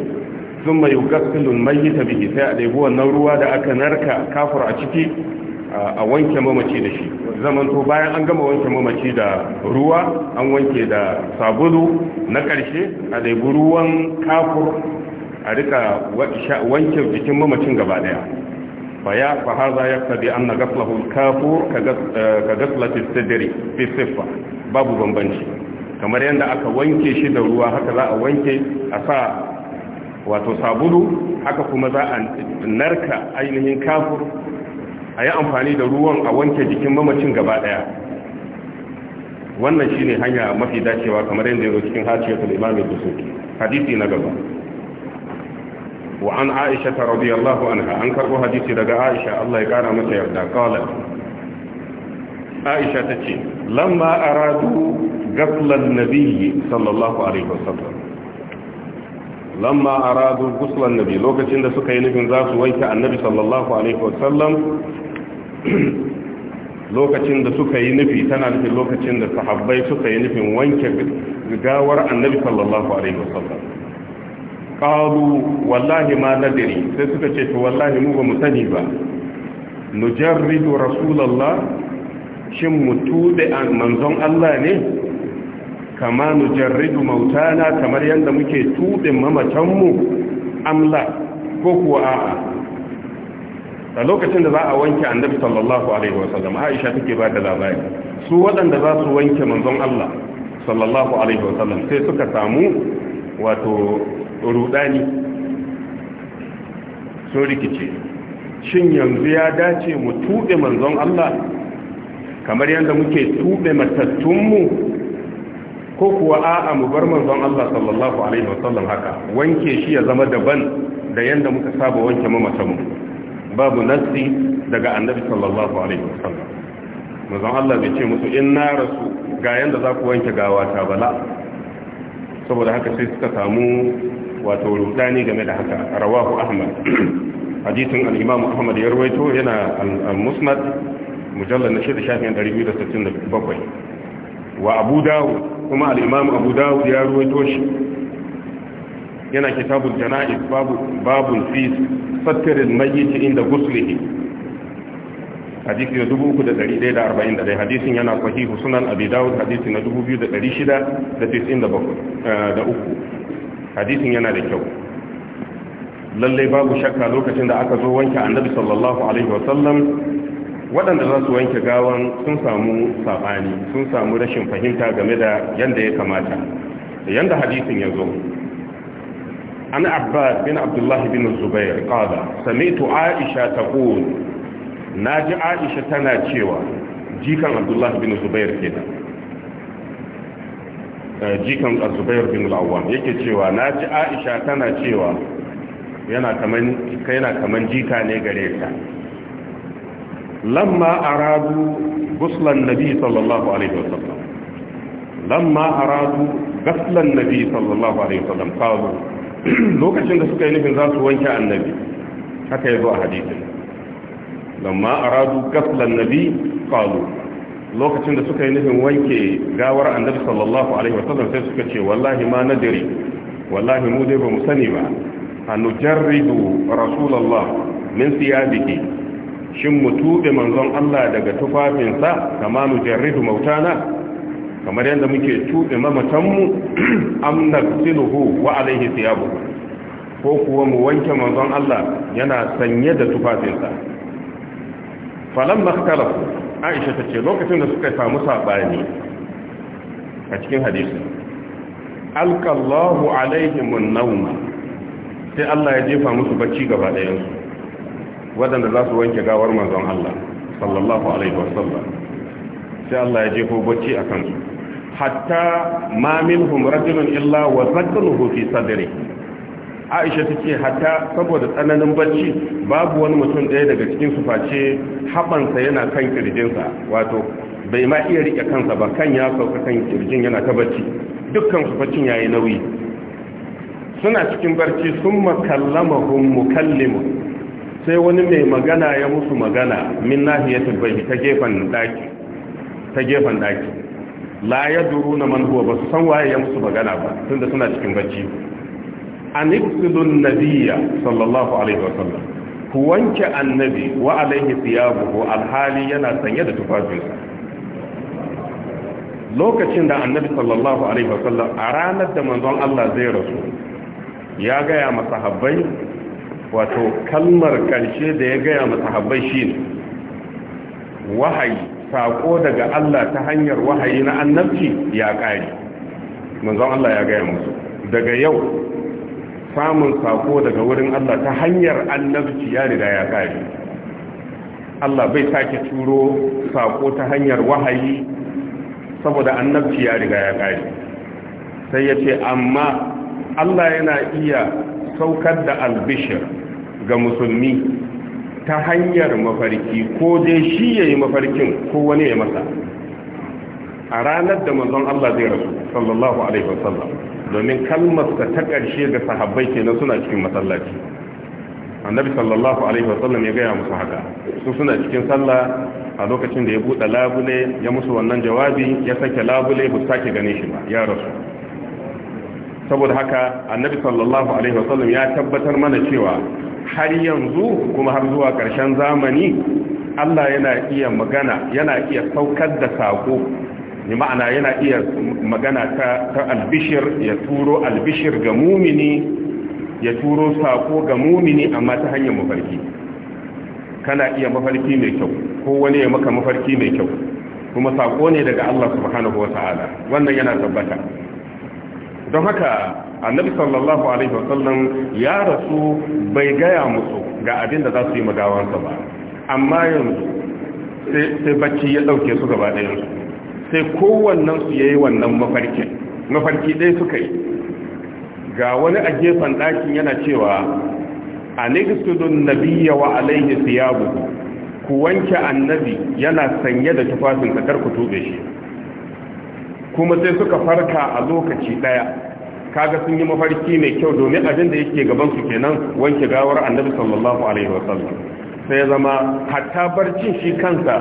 thumma yughassalu al-mayyit bihi sai a dai ruwa da aka narka kafur a ciki a wanke mamaci da shi zamanto bayan an gama wanke mamaci da ruwa an wanke da sabulu na karshe a ɗaibu ruwan kafur a rika wanke jikin mamacin gaba ɗaya faya fa haza ya tabi an na gaslahu kafur ka gaslati eh, sidiri fi babu bambanci kamar yadda aka wanke shi da ruwa haka za a wanke a sa wato sabulu haka kuma za a narka ainihin kafur a yi amfani da ruwan a wanke jikin mamacin gaba daya wannan shine hanya mafi dacewa kamar yadda yake cikin hadisi da Imam Bukhari hadisi na gaba wa an Aisha radhiyallahu anha an karbo hadisi daga Aisha Allah ya kara mata yarda qala Aisha tace lamma aradu ghuslan nabiyyi sallallahu alaihi wasallam lamma aradu ghuslan nabiyyi lokacin da suka yi nufin za su wanke annabi sallallahu alaihi wasallam lokacin da suka yi nufi tana nufin lokacin da sahabbai suka yi nufin wanke gawar annabi sallallahu alaihi wasallam qalu wallahi ma nadri sai suka ce to wallahi mu ba mu sani ba nujarridu rasulullah shin mutude manzon Allah ne kama nujarridu mautana kamar yanda muke tude mu? amla ko kuwa a'a a lokacin da za a wanke annabi sallallahu alaihi wasallam aisha take ba da labari su waɗanda za su wanke manzon Allah sallallahu alaihi wasallam sai suka samu wato rudani sun rikice shin yanzu ya dace mu tuɓe manzon Allah kamar yadda muke tuɓe matattunmu ko kuwa a'a mu bar manzon Allah sallallahu alaihi wasallam haka wanke shi ya zama daban da yadda muka saba wanke mamatanmu babu nassi daga annabi sallallahu alaihi wasallam manzon Allah bai ce musu in na rasu ga yanda za ku wanke gawata bala saboda haka sai suka samu wato rudani game da haka rawahu ahmad hadisin al-imam ahmad ya rawaito yana al-musnad mujallal na shafin 6267 wa abu dawud kuma al-imam abu dawud ya rawaito shi yana kitabul jana'iz babu babun fi sattirin mayyit inda guslihi hadisi na 3141 hadisin yana sahihu sunan abi daud hadisi na da eh, da uku hadisin yana da kyau lallai babu shakka lokacin da aka zo wanke annabi sallallahu alaihi wasallam waɗanda za su wanke gawan sun samu saɓani sun samu rashin fahimta game da yadda ya kamata yadda hadisin ya zo عن عباد بن عبد الله بن الزبير قال سمعت عائشة تقول ناجي عائشة تناتشيوة جيكا عبد الله بن الزبير كده jikan azubair bin al'awwam yake cewa na ji aisha tana cewa yana kaman kaman jika ne gare ta lamma aradu guslan nabi sallallahu alaihi wasallam lamma aradu guslan nabi sallallahu alaihi wasallam qalu lokacin da suka yi nufin za su wanke annabi haka ya zo a hadisin lamma aradu gaflan nabi falu lokacin da suka yi nufin wanke gawar annabi sallallahu alaihi wasallam sai suka ce wallahi ma nadiri wallahi mu dai ba mu sani ba anujarridu rasulullah min biki shin mu tube manzon Allah daga tufafinsa kama nujarridu mautana kamar yadda muke tuɓe mamatanmu am nafsiluhu wa alaihi thiyabu ko kuwa mu wanke manzon Allah yana sanye da tufafinsa falam makhtalafu Aisha ta ce lokacin da suka samu saɓani. a cikin hadisi alqallahu alaihim an-nawma sai Allah ya jefa musu bacci gaba ɗayan Waɗanda za su wanke gawar manzon Allah sallallahu alaihi wasallam sai Allah ya jefo bacci a kansu حتى ما منهم رجل illa wa في صدره sadri Aisha tace hatta saboda tsananin bacci babu wani mutum ɗaya daga cikin su face habansa yana kan kirjinsa wato bai ma iya rike kansa ba kan ya sauka kan kirjin yana ta bacci dukkan su baccin yayi nauyi suna cikin barci sun makallamahum mukallimun sai wani mai magana ya musu magana min gefen daki ta gefen daki la na na manhuwa ba su san waye ya musu magana ba tunda suna cikin bacci an nabiyya sallallahu alaihi wasallam ku wanke annabi wa alaihi thiyabuhu alhali yana sanye da tufafinsa lokacin da annabi sallallahu alaihi wasallam a ranar da manzon Allah zai rasu ya gaya masahabbai wato kalmar karshe da ya gaya masahabbai shine wahayi sako daga Allah ta hanyar wahayi na annabci ya kare manzon Allah ya gaya musu daga yau samun sako daga wurin Allah ta hanyar annabci ya riga ya kare Allah bai sake turo sako ta hanyar wahayi saboda annabci ya riga ya kare sai ya ce amma Allah yana iya saukar da albishir ga musulmi ta hanyar mafarki ko dai shi ya yi mafarkin ko wani ya masa a ranar da manzon Allah zai rasu sallallahu alaihi wasallam domin kalmarsa ta ƙarshe ga sahabbai kenan suna cikin masallaci annabi sallallahu alaihi wasallam ya gaya musu haka su suna cikin sallah a lokacin da ya buɗe labule ya musu wannan jawabi ya sake labule ba sake gane shi ba ya rasu saboda haka annabi sallallahu alaihi wasallam ya tabbatar mana cewa har yanzu kuma har zuwa ƙarshen zamani Allah yana iya magana yana iya saukar da sako ni ma'ana yana iya magana ta, albishir ya turo albishir ga mumini ya turo sako ga mumini amma ta hanyar mafarki kana iya mafarki mai kyau ko wani ya maka mafarki mai kyau kuma sako ne daga Allah subhanahu wa ta'ala wannan yana tabbata don haka annabi sallallahu alaihi wasallam ya rasu bai gaya musu ga abin da za su yi magawansa ba amma yanzu sai bacci ya dauke su gaba ɗayansu sai kowannen su yayi wannan mafarkin mafarki ɗaya suka yi ga wani a gefen ɗakin yana cewa a nigistudun nabiya wa alaihi siyabu ku wanke annabi yana sanye da tufafin kar ku tube shi kuma sai suka farka a lokaci daya kaga sun yi mafarki mai kyau domin abin da yake gaban su kenan wanke gawar annabi sallallahu alaihi wasallam sai ya zama hatta barcin shi kansa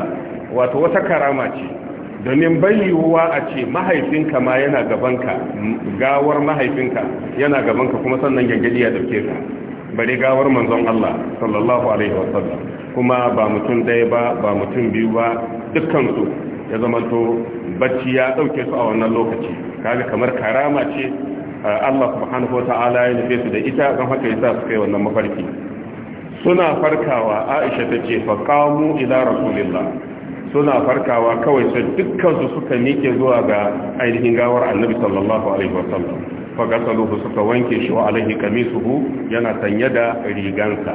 wato wata karama ce domin bayyuwa a ce mahaifinka ma yana gabanka gawar mahaifinka yana gabanka kuma sannan gangadi ya dauke ka bare gawar manzon Allah sallallahu alaihi wasallam kuma ba mutum ɗaya ba ba mutum biyu ba dukkan su ya zama to bacci ya dauke su a wannan lokaci kaga kamar karama ce Allah subhanahu wata'ala ya nufe su da ita don haka yasa su kai wannan mafarki suna farkawa Aisha tace fa qamu ila rasulillah suna farkawa kawai sai dukkan su suka miƙe zuwa ga ainihin gawar Annabi sallallahu alaihi wasallam fa gasaluhu suka wanke shi wa alaihi kamisuhu yana sanye da rigansa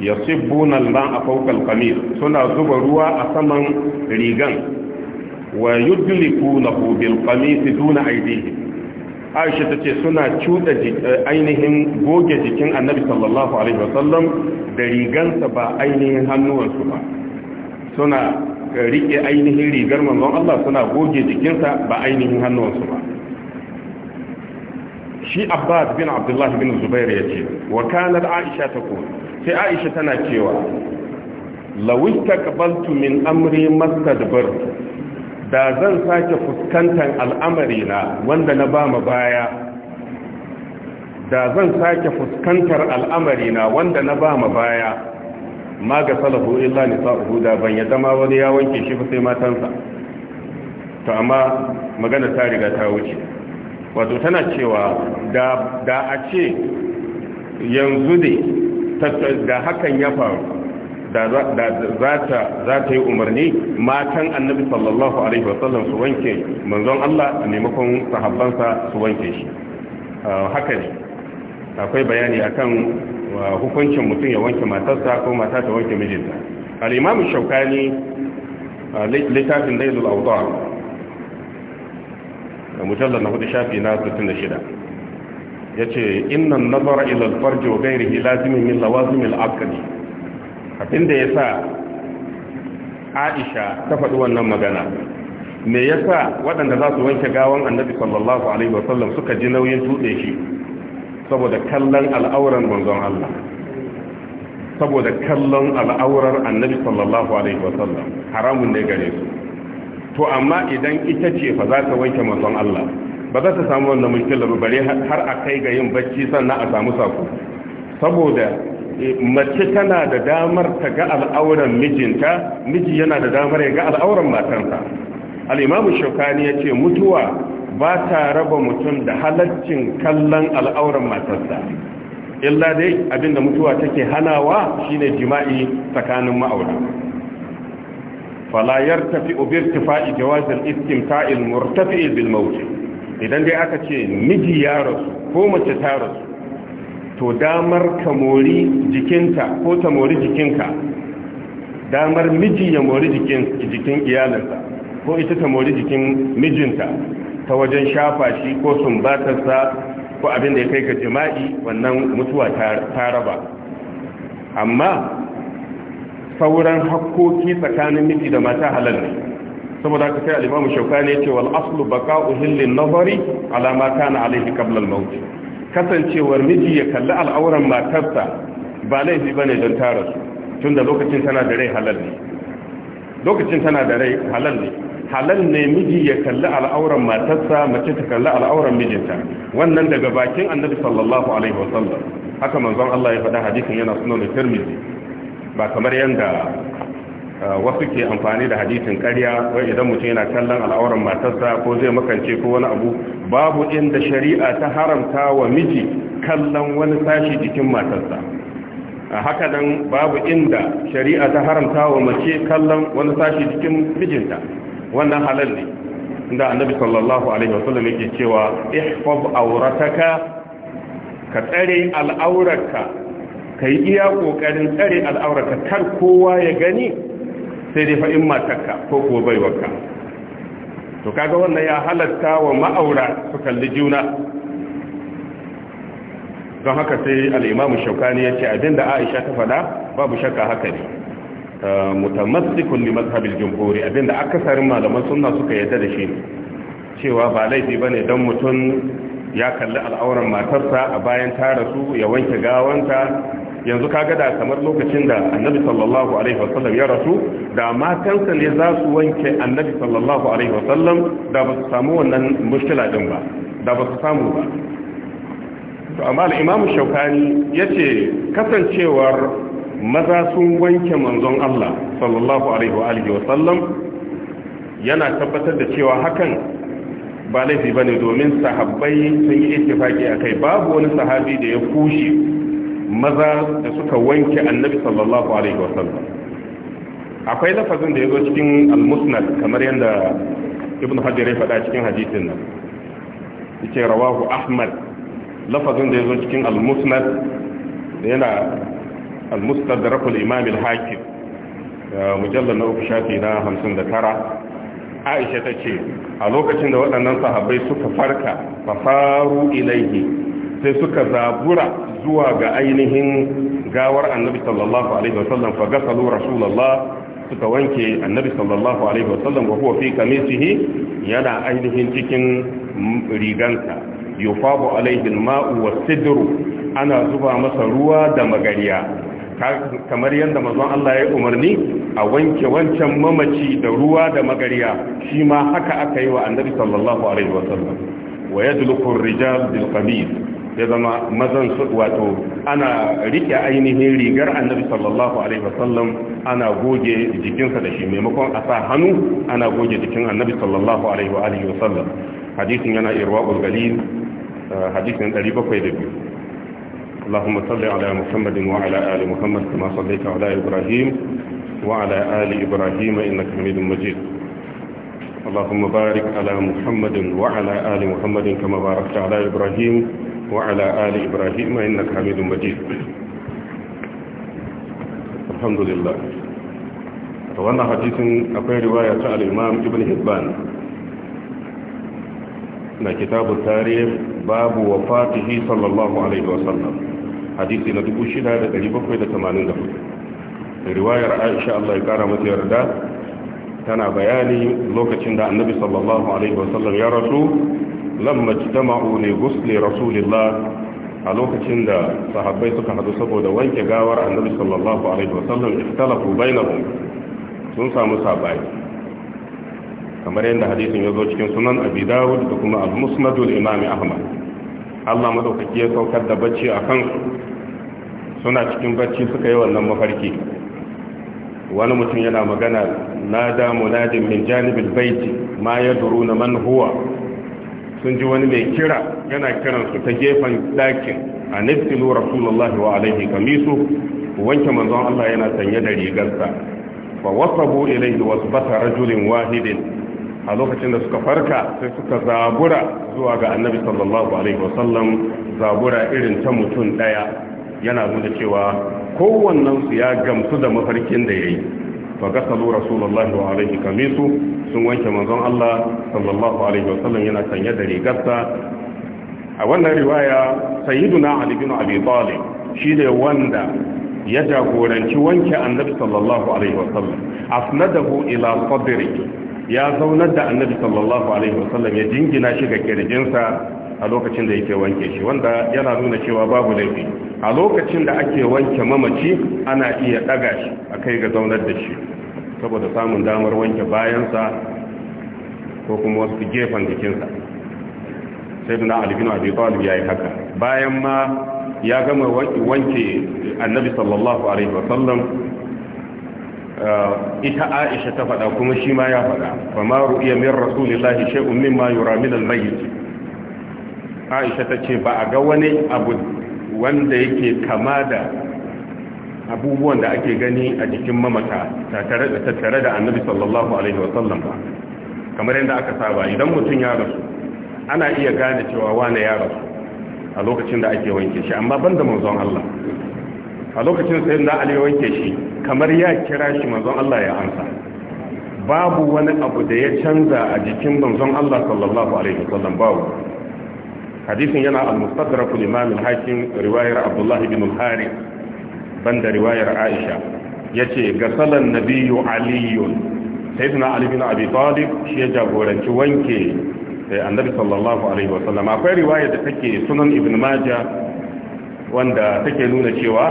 yasibbuna al-ma'a fawqa al-qamis suna zuba ruwa a saman rigan wa yudlikunahu bil qamis duna aydihim aisha ta ce suna cuɗa eh, ainihin goge jikin annabi sallallahu alaihi wasallam da rigansa ba ainihin hannuwansu ba suna eh, riƙe ainihin rigar manzon Allah suna goge jikinsa ba ainihin hannuwansu ba shi abbas bin bin zubair ya ce wa aisha ta sai aisha tana cewa lawista kabaltu min amri da zan sake fuskantar al'amari na wanda na ba mu baya da zan sake fuskantar al'amari na wanda na ba mu baya ma ga salahu illa nisa'uhu da ban ya zama wani ya wanke shi ba sai matansa to amma magana ta riga ta wuce wato tana cewa da a ce yanzu ne da hakan ya faru da za ta yi umarni matan annabi sallallahu alaihi wasallam su wanke manzon Allah a maimakon sahabbansa su wanke shi ah, haka ne akwai bayani akan hukuncin mutum ya wanke matarsa ko mata ta wanke mijinta al-imam shaukani ah, littafin dailul awdar da mujallar na hudu shafi na 66 ya ce innan nazara ilal farji wa gairihi lazimin min lawazimin al'akali da ya sa aisha ta faɗi wannan magana me ya sa waɗanda za su wanke gawan annabi sallallahu alaihi wasallam suka ji nauyin tuɗe shi saboda kallon al'auran manzon Allah saboda kallon al'aurar annabi sallallahu alaihi wasallam haramun ne gare su to amma idan ita ce fa za ta wanke manzon Allah ba za ta samu wannan mushkilar ba bare har a kai ga yin bacci sannan a samu sako saboda eh, mace tana da damar ta ga al'auran mijinta miji yana da damar ya ga al'auran matansa al'imamu shokani ya ce mutuwa ba ta raba mutum da halaccin kallon al'auran matarsa illa dai abinda mutuwa take hanawa shine jima'i tsakanin ma'aurata فلا يرتفع بارتفاع جواز الاستمتاع المرتفع بالموت idan dai aka ce miji ya rasu ko mace ta rasu to damar ka mori jikinta ko ta mori jikinka damar miji ya mori jikin jikin iyalinsa ko ita ta mori jikin mijinta ta wajen shafa shi ko sumbatarsa ko abin da ya kai ga jima'i wannan mutuwa ta raba amma sauran hakkoki tsakanin miji da mata halal ne saboda haka sai al-Imam Shawkani ce wal aslu baka hillin nazari ala ma kana alayhi qabla al-maut kasancewar miji ya kalli al'auran matarsa ba laifi bane don tara su tunda lokacin tana da rai halal ne lokacin tana da rai halal ne halal ne miji ya kalli al'auran matarsa mace ta kalli al'auran mijinta wannan daga bakin annabi sallallahu alaihi wasallam haka manzon Allah ya faɗa hadisin yana sunan Tirmidhi ba kamar yadda uh, wasu ke amfani da hadisin karya wai idan mutum yana kallon al'auran matarsa ko zai makance ko wani abu babu inda shari'a ta haramta wa miji kallon wani sashi jikin matarsa haka nan babu inda shari'a ta haramta wa mace kallon wani sashi jikin mijinta wannan halal ne inda annabi sallallahu alaihi wasallam yake cewa ihfaz awrataka ka tsare al'aurarka ka yi iya ƙoƙarin tsare al'aurata kar kowa ya gani sai dai fa'in matarka ko kuwa baiwarka to kaga wannan ya halatta wa ma'aura su kalli juna don haka sai al'imamu shaukani ya ce abinda aisha ta faɗa babu shakka haka ne uh, mutamassikun li mazhabil jumhuri abinda akasarin malaman suna suka yadda da shi cewa ba laifi ba ne don mutum ya kalli al'auran matarsa a bayan ta rasu ya wanke gawanta yanzu kaga da kamar lokacin da annabi sallallahu alaihi wasallam ya rasu da matansa ne za su wanke annabi sallallahu alaihi wasallam da ba su samu wannan mushkila din ba da ba su samu ba to amma al-imam shaukani yace kasancewar maza sun wanke manzon Allah sallallahu alaihi wa alihi wasallam yana tabbatar da cewa hakan ba laifi bane domin sahabbai sun yi ittifaki akai babu wani sahabi da ya kushi maza da suka wanke annabi sallallahu alaihi wasallam akwai lafazin da ya zo cikin al-musnad kamar yadda ibn hajar ya faɗa cikin hadisin nan yace rawahu ahmad lafazin da ya zo cikin al-musnad da yana al da al-imam al-hakim mujallal na uku shafi na tara Aisha ta ce a lokacin da waɗannan sahabbai suka farka fafaru ilaihi sai suka zabura zuwa ga ainihin gawar annabi sallallahu alaihi wasallam fa gasalu rasulullah suka wanke annabi sallallahu alaihi wasallam wa huwa fi kamisihi yana ainihin cikin rigansa yufabu alaihi alma'u wasidru ana zuba masa ruwa da magariya kamar yadda mazan Allah ya umarni a wanke wancan mamaci da ruwa da magariya shi ma haka aka yi wa annabi sallallahu alaihi wasallam wa yadluku ar-rijal bil qamis ya zama mazan su wato ana rike ainihin rigar annabi sallallahu alaihi wasallam ana goge jikinsa da shi maimakon a sa hannu ana goge jikin annabi sallallahu alaihi wa wasallam hadisin yana irwaul galil eh, hadisin 702 اللهم صل على محمد وعلى آل محمد كما صليت على إبراهيم وعلى آل إبراهيم إنك حميد مجيد اللهم بارك على محمد وعلى آل محمد كما باركت على إبراهيم وعلى آل إبراهيم إنك حميد مجيد الحمد لله وانا حديث أقول رواية الإمام ابن هبان na kitabu tare babu wafatihi sallallahu alaihi wasallam hadisi na 6784 riwayar Aisha Allah ya kara mata yarda tana bayani lokacin da Annabi sallallahu alaihi wasallam ya rasu lamma jitama'u ne gusle rasulillah a lokacin da sahabbai suka hadu saboda wanke gawar annabi sallallahu alaihi wasallam ikhtalafu bainahum sun samu sabai kamar yadda hadisin ya zo cikin sunan abi dawud da kuma al-musnad al-imam ahmad Allah madaukaki ya saukar da bacci a kan suna cikin bacci suka yi wannan mafarki wani mutum yana magana na da munadin min janibil baiti ma yadruna man huwa sun ji wani mai kira yana kiransu ta gefen ɗakin a niftilu rasulullahi wa alaihi kamisu wanke manzon Allah yana sanye da rigarsa fa wasabu ilaihi wasbata rajulin wahidin a lokacin da suka farka sai suka zabura zuwa ga annabi sallallahu alaihi wasallam zabura irin ta mutum daya yana nuna cewa kowannen su ya gamsu da mafarkin da yayi fa gasalu rasulullahi wa alaihi kamisu sun wanke manzon Allah sallallahu alaihi sallam yana sanye da rigarsa a wannan riwaya sayyiduna ali bin abi talib shi ne wanda ya jagoranci wanke annabi sallallahu alaihi wasallam asnadahu ila sadri ya zaunar da annabi sallallahu alaihi sallam ya jingina shi ga kirjinsa a lokacin da yake wanke shi wanda yana nuna cewa babu laifi a lokacin da ake wanke mamaci ana iya daga shi a kai ga zaunar da shi saboda samun damar wanke bayansa ko kuma wasu gefen jikinsa sai duna albino abi talib ya yi haka bayan ma ya gama wanke annabi sallallahu alaihi wasallam uh, ita aisha ta faɗa kuma shi ma ya faɗa fa ma ru'iya min rasulillahi shay'un mimma yura min al-mayyit aisha ta ce ba a ga wani abu wanda yake kama da abubuwan da ake gani a jikin mamata tattare da annabi sallallahu alaihi wasallam ba kamar yadda aka saba idan mutum ya rasu ana iya gane cewa wane ya rasu a lokacin da ake wanke shi amma banda manzon Allah a lokacin sayin da Ali wanke shi kamar ya kira shi manzon Allah ya amsa babu wani abu da ya canza a jikin manzon Allah sallallahu alaihi wasallam babu hadisin yana al-mustadrak al-imam al-hakim riwayar abdullah ibn al-harith banda riwayar aisha yace gasalan nabiyyu aliyun sayyidina ali bin abi talib shi ya jagoranci wanke eh, annabi sallallahu alaihi wa sallam akwai riwaya da take sunan ibn majah wanda take nuna cewa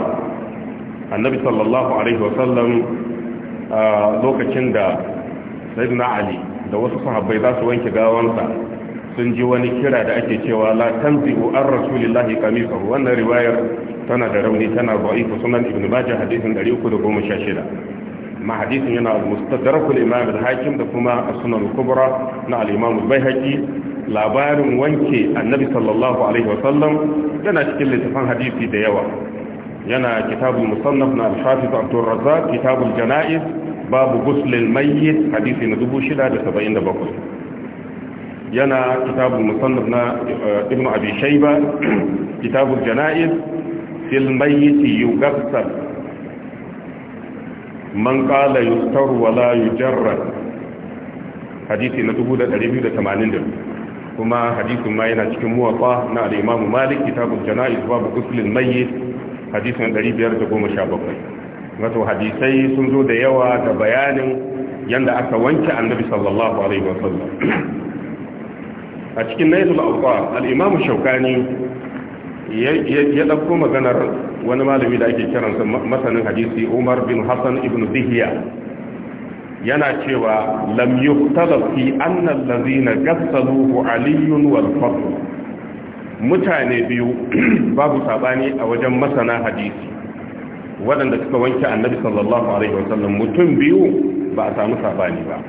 annabi sallallahu alaihi wa sallam ah, lokacin da sayyidina ali da wasu sahabbai za su wanke gawansa sun ji wani kira da ake cewa la tanzihu an rasulillahi qamisahu wannan riwayar tana da rauni tana da'ifu sunan ibn majah hadisin 316 ma hadisin yana al-mustadrak al-imam al-hakim da kuma as-sunan al-kubra na al-imam al-baihaqi labarin wanke annabi sallallahu alaihi wa sallam yana cikin littafin hadisi da yawa yana kitabul musannaf na al-hafiz abdur razzaq kitabul janaiz babu ghusl al-mayyit hadisi na 677 yana kitabul musannaf na eh, ibnu abi shaiba kitabul janaiz fil mayyit yugassal man qala yustar wa la yujarrad hadisi na 2282 kuma hadisin ma yana cikin muwatta na al-imam malik kitabul janaiz babu ghusl mayyit hadisin 517 wato hadisai sun zo da yawa da bayanin yanda aka wanke annabi sallallahu alaihi wasallam a cikin nailul awqa al-imam shaukani ya dauko maganar wani malami da ake kiransa masanin hadisi Umar bin Hassan ibn Dihiya yana cewa lam yuqtada fi anna allazina gassaluhu aliyun wal fadl mutane biyu babu sabani a wajen masana hadisi waɗanda suka wanke annabi sallallahu alaihi wasallam mutum biyu ba a samu sabani ba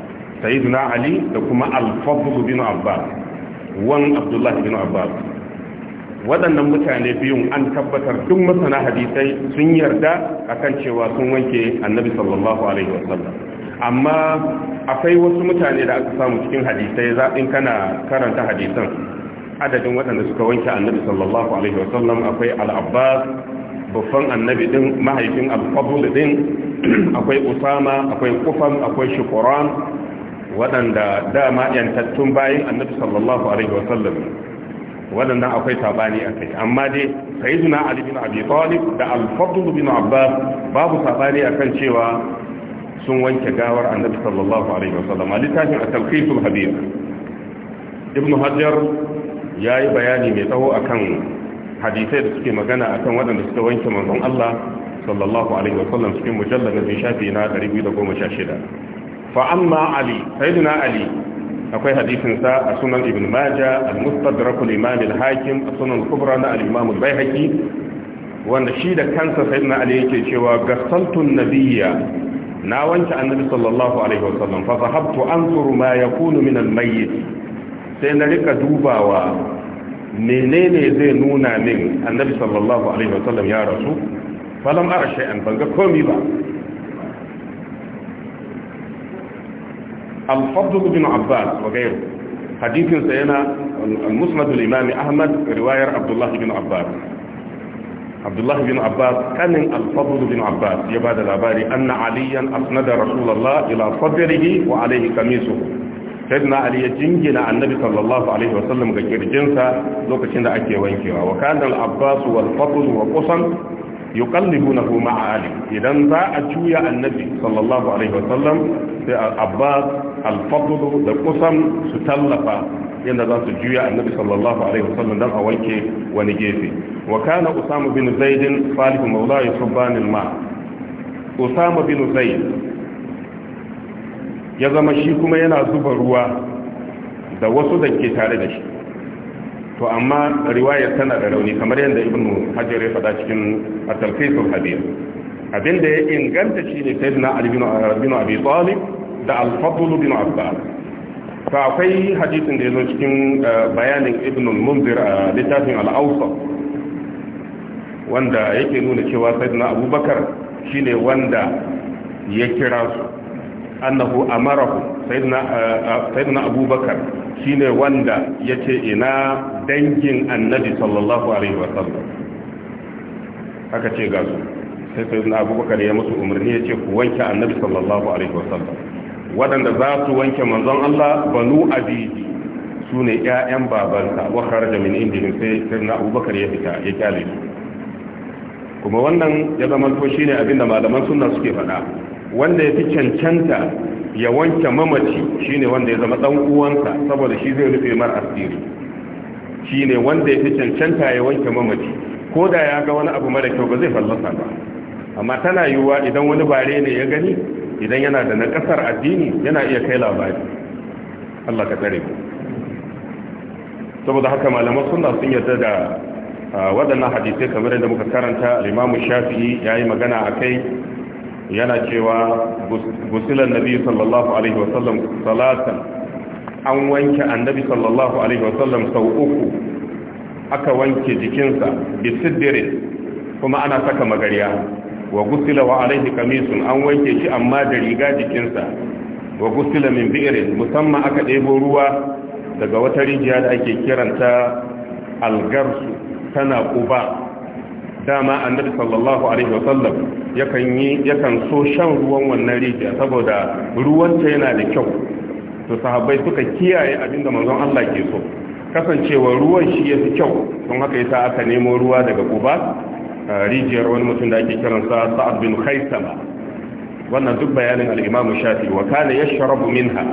sayyiduna ali da kuma al-fadl bin abbas wan abdullahi bin abbas waɗannan mutane biyun an tabbatar duk masana hadisai sun yarda akan cewa sun wanke annabi sallallahu alaihi wasallam amma akwai wasu mutane da aka samu cikin hadisai za in kana karanta hadisan adadin waɗanda suka wanke annabi sallallahu alaihi wasallam akwai al-abbas babban annabi din mahaifin al-fadl din akwai usama akwai kufam akwai shukran waɗanda dama yantattun bayan annabi sallallahu alaihi wa sallam waɗannan akwai sabani a kai amma dai sayyiduna ali bin abi talib da al-fadl bin abbas babu sabani akan cewa sun wanke gawar annabi sallallahu alaihi wa wasallam a littafin at-tawqiful habir ibn hajjar yayi bayani mai tsawo akan hadisai da suke magana akan waɗanda suka wanke manzon Allah sallallahu alaihi wa wasallam cikin mujallal na shafi na 216 Fa'amma ali sayyidina ali akwai hadisin sa a sunan ibn majah al-mustadrak al-imam al sunan kubra na al-imam wanda shi da kansa sayyidina ali yake cewa gassaltu nabiyya na wanke annabi sallallahu alaihi wasallam fa zahabtu anzuru ma yakunu min al sai na rika dubawa menene zai nuna min annabi sallallahu alaihi wasallam ya rasu falam ara shai'an ban ga komi ba al-fadl bin abbas wa ghayru hadithin sa yana al-musnad ahmad riwayar abdullah bin abbas abdullah bin abbas kanin al-fadl bin abbas ya bada labari anna aliyan asnada rasulullah ila sadrihi wa alayhi kamisuhu sayyidina ali ya jingina annabi sallallahu alaihi wasallam ga kirjinsa lokacin da ake wankewa wa abbas wal wa yuqallibunahu ma'a ali idan za a juya annabi sallallahu alaihi wasallam sai abbas al-fadl da qusam su tallafa yanda za su juya annabi sallallahu alaihi wasallam dan a wanke wani gefe wa kana usama bin zaid salih maula yusban al-ma usama bin zaid ya zama shi kuma yana zuba ruwa da wasu da ke tare da shi to amma riwayar tana da rauni kamar yadda ibnu hajar ya faɗa cikin at-talfisul abin da ya inganta shine sayyidina ali bin abi talib da al-fadl bin abbas fa akwai hadisin da yazo cikin eh, bayanin ibnu al-munzir a littafin al-awsat wanda yake nuna cewa sayyidina abubakar shine wanda ya kira su annahu amarahu eh, eh, sayyidina abubakar shine wanda yace ina dangin annabi sallallahu alaihi wasallam aka ce ga su sai sayyidina abubakar ya musu umarni yace ku wanke annabi sallallahu alaihi wasallam wadanda za su wanke manzon Allah banu abidi sune ƴaƴan babansa wa kharaja min indihim sai sayyidina abubakar ya fita ya kyale kuma wannan ya zama to shine abinda malaman sunna suke faɗa wanda ya fi cancanta ya wanke mamaci shine wanda ya zama ɗan’uwanka saboda shi zai rufe mara asiri Shi ne wanda ya fi cancanta ya wanke mamaci ko da ya ga wani abu mara kyau ba zai fallasa ba amma tana yiwuwa idan wani bare ne ya gani idan yana da ƙasar addini yana iya kai labari Allah ka tare saboda haka malaman suna sun yarda da ah, waɗannan hadisai kamar yadda muka karanta al Shafi ya yi magana a kai. yana cewa gusilan nabi sallallahu alaihi wasallam salatan an wanke annabi sallallahu alaihi wasallam sau uku aka wanke jikinsa bisiddire kuma ana saka magariya wa gusila wa alaihi kamisun an wanke shi amma da riga jikinsa wa gusila min bi'irin musamman aka ɗebo ruwa daga wata rijiya da ake kiranta algarsu tana uba. dama annabi sallallahu alaihi wasallam yakan yi yakan so shan ruwan wannan rijiya saboda ruwanta yana da kyau to sahabbai suka kiyaye abinda manzon Allah ke so kasancewa ruwan shi yafi kyau don haka yasa aka nemo ruwa daga Quba rijiyar wani mutum da ake kiransa Sa'ad bin Khaisama wannan duk bayanin al-Imam Shafi'i wa kana yashrabu minha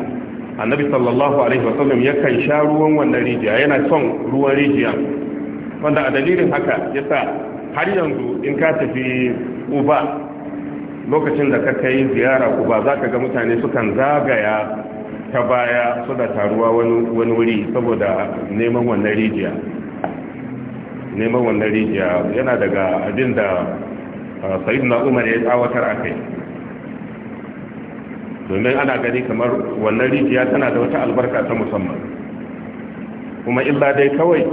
annabi sallallahu alaihi wasallam yakan sha ruwan wannan rijiya yana son ruwan rijiya wanda a dalilin haka yasa har yanzu in ka tafi uba lokacin da ka kai ziyara uba za ka ga mutane sukan zagaya ta baya su da taruwa wani wuri saboda neman wannan rijiya neman wannan rijiya yana daga abin da ah, sayid na umar ya tsawatar a kai domin ana gani kamar wannan rijiya tana da wata albarka ta musamman kuma illa dai kawai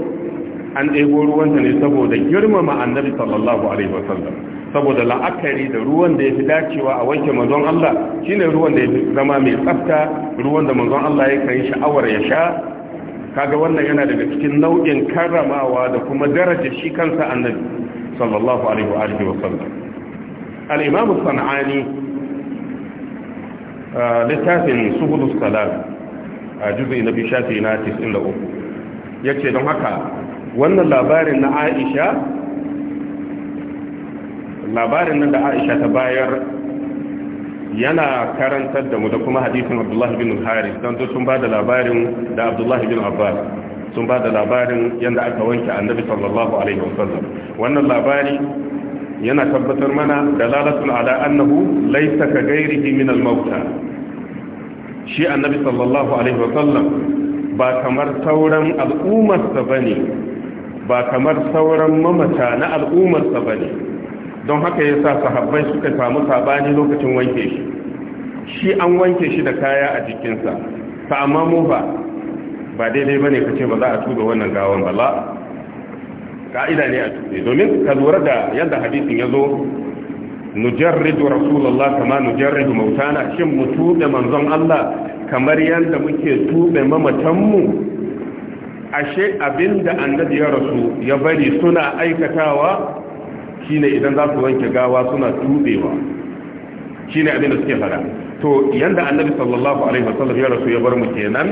an ɗebo ruwanta ne saboda girmama annabi sallallahu alaihi wasallam saboda la'akari da ruwan da ya fi dacewa a wanke manzon Allah shi ne ruwan da ya fi zama mai tsafta ruwan da manzon Allah ya kan sha'awar ya sha kaga wannan yana daga cikin nau'in karramawa da kuma daraja shi kansa annabi sallallahu alaihi wa sallam. wasallam al-imam sanani littafin subulus salam a juz'i na bi shafi na 93 yace don haka wannan labarin na aisha labarin nan da aisha ta bayar yana karantar da mu da kuma hadisin abdullahi bin haris don sun ba da labarin da abdullahi bin abbas sun ba da labarin yadda aka wanke annabi sallallahu alaihi wasallam wannan labari yana tabbatar mana dalalatun ala annahu laysa ka ghairihi min al-mauta shi annabi sallallahu alaihi wasallam ba kamar sauran al'ummar sa bane ba kamar sauran mamata na al'ummarsa ba ne don haka ya sa sahabbai suka samu sabani lokacin wanke shi shi an wanke shi da kaya a jikinsa ta amma mu ba ba daidai ba ne ka ce ba za a tuba wannan gawan ba ka'ida ne a tuba domin ka lura da yadda hadisin ya zo nujarridu rasulullah kama nujarridu mautana shin mu tuɓe manzon Allah kamar yadda muke tuɓe mamatanmu ashe abin da annabi ya rasu ya bari suna aikatawa shine idan za su wanke gawa suna tubewa shine da suke fara to yanda annabi sallallahu alaihi wasallam ya rasu ya bar mu kenan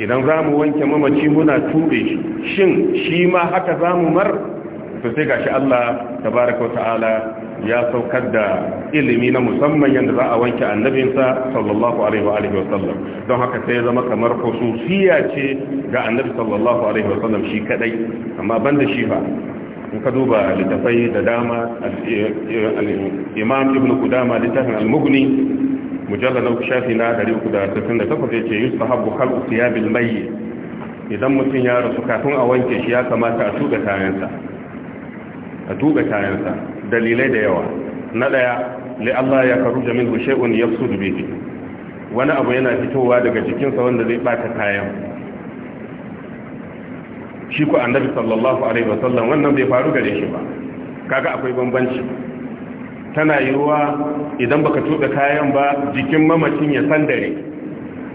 idan za mu wanke mamaci muna tube shi shin shi ma haka za mu mar to sai gashi Allah tabaraka wa ta'ala ya saukar da ilimi na musamman yadda za a wanke annabinsa sallallahu alaihi wa alihi sallam don haka sai ya zama kamar khususiya ce ga annabi sallallahu alaihi sallam shi kadai amma ban da shi ba in ka duba littafai da dama imam ibn kudama littafin almugni mujallar na shafi na 368 yace yusahabu khalqu thiyabil mayyit idan mutum ya rasu kafin a wanke shi ya kamata a tuga a tuga kayansa dalilai da yawa na ɗaya li Allah ya karuja minhu shay'un yafsudu bihi wani abu yana fitowa daga jikinsa wanda zai bata kayan shi ku annabi sallallahu alaihi wasallam wannan bai faru gare shi ba kaga akwai bambanci tana yiwuwa idan baka tuɓe kayan ba jikin mamacin ya sandare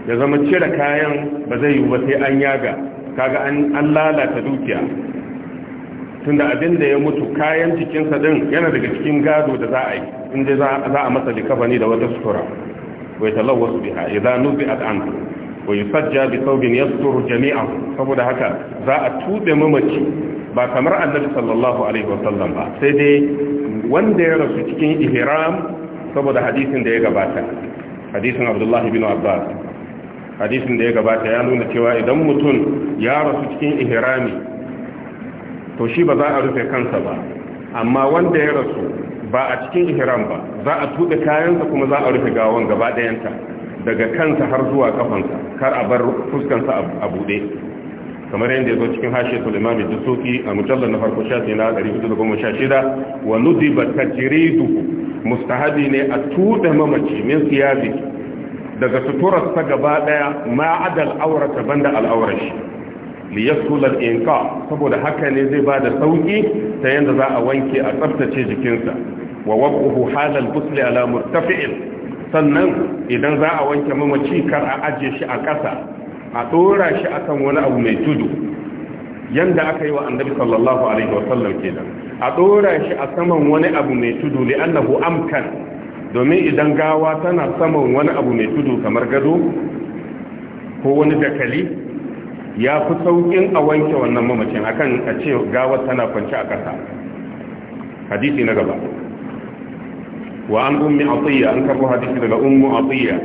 ya zama cire kayan ba zai yiwu ba sai an yaga kaga an lalata dukiya tunda abin da ya mutu kayan cikinsa din yana daga cikin gado da za a yi Inda za a masa likafani da wata sutura wai talawwasu biha idza nuzi'at anhu wa yusajja bi ya yasturu jami'a. saboda haka za a tube mamaci ba kamar annabi sallallahu alaihi wasallam ba sai dai wanda ya rasu cikin ihram saboda hadisin da ya gabata hadisin abdullahi bin abbas hadisin da ya gabata ya nuna cewa idan mutum ya rasu cikin ihrami to shi ba za a rufe kansa ba amma wanda ya rasu ba a cikin ihram ba za a tuɗe kayansa kuma za a rufe gawan gaba ɗayanta daga kansa har zuwa kafansa kar a bar fuskansa a buɗe kamar yadda ya zo cikin hashe sulimami da soki a mujallar na farko shafi na sha shida wa nudi nudiba tajriduhu mustahabi ne a tuɗe mamaci min siyasi daga suturarsa gaba ɗaya ma'adal aurata banda al'aurar shi liyaskular inka saboda haka ne zai ba da sauki ta yadda za a wanke a tsabtace jikinsa wa waquhu halal ghusl ala murtafi'in sannan idan za a wanke mamaci kar a aje shi a ƙasa a dora shi akan wani abu mai tudu yanda aka yi wa annabi sallallahu alaihi sallam kenan a dora shi a saman wani abu mai tudu li'annahu amkan domin idan gawa tana saman wani abu mai tudu kamar gado ko wani dakali ya fi saukin a wanke wannan mamacin akan a ce gawar tana kwanci a ƙasa hadisi na gaba wa an ummi atiyya an karbo hadisi daga ummu atiyya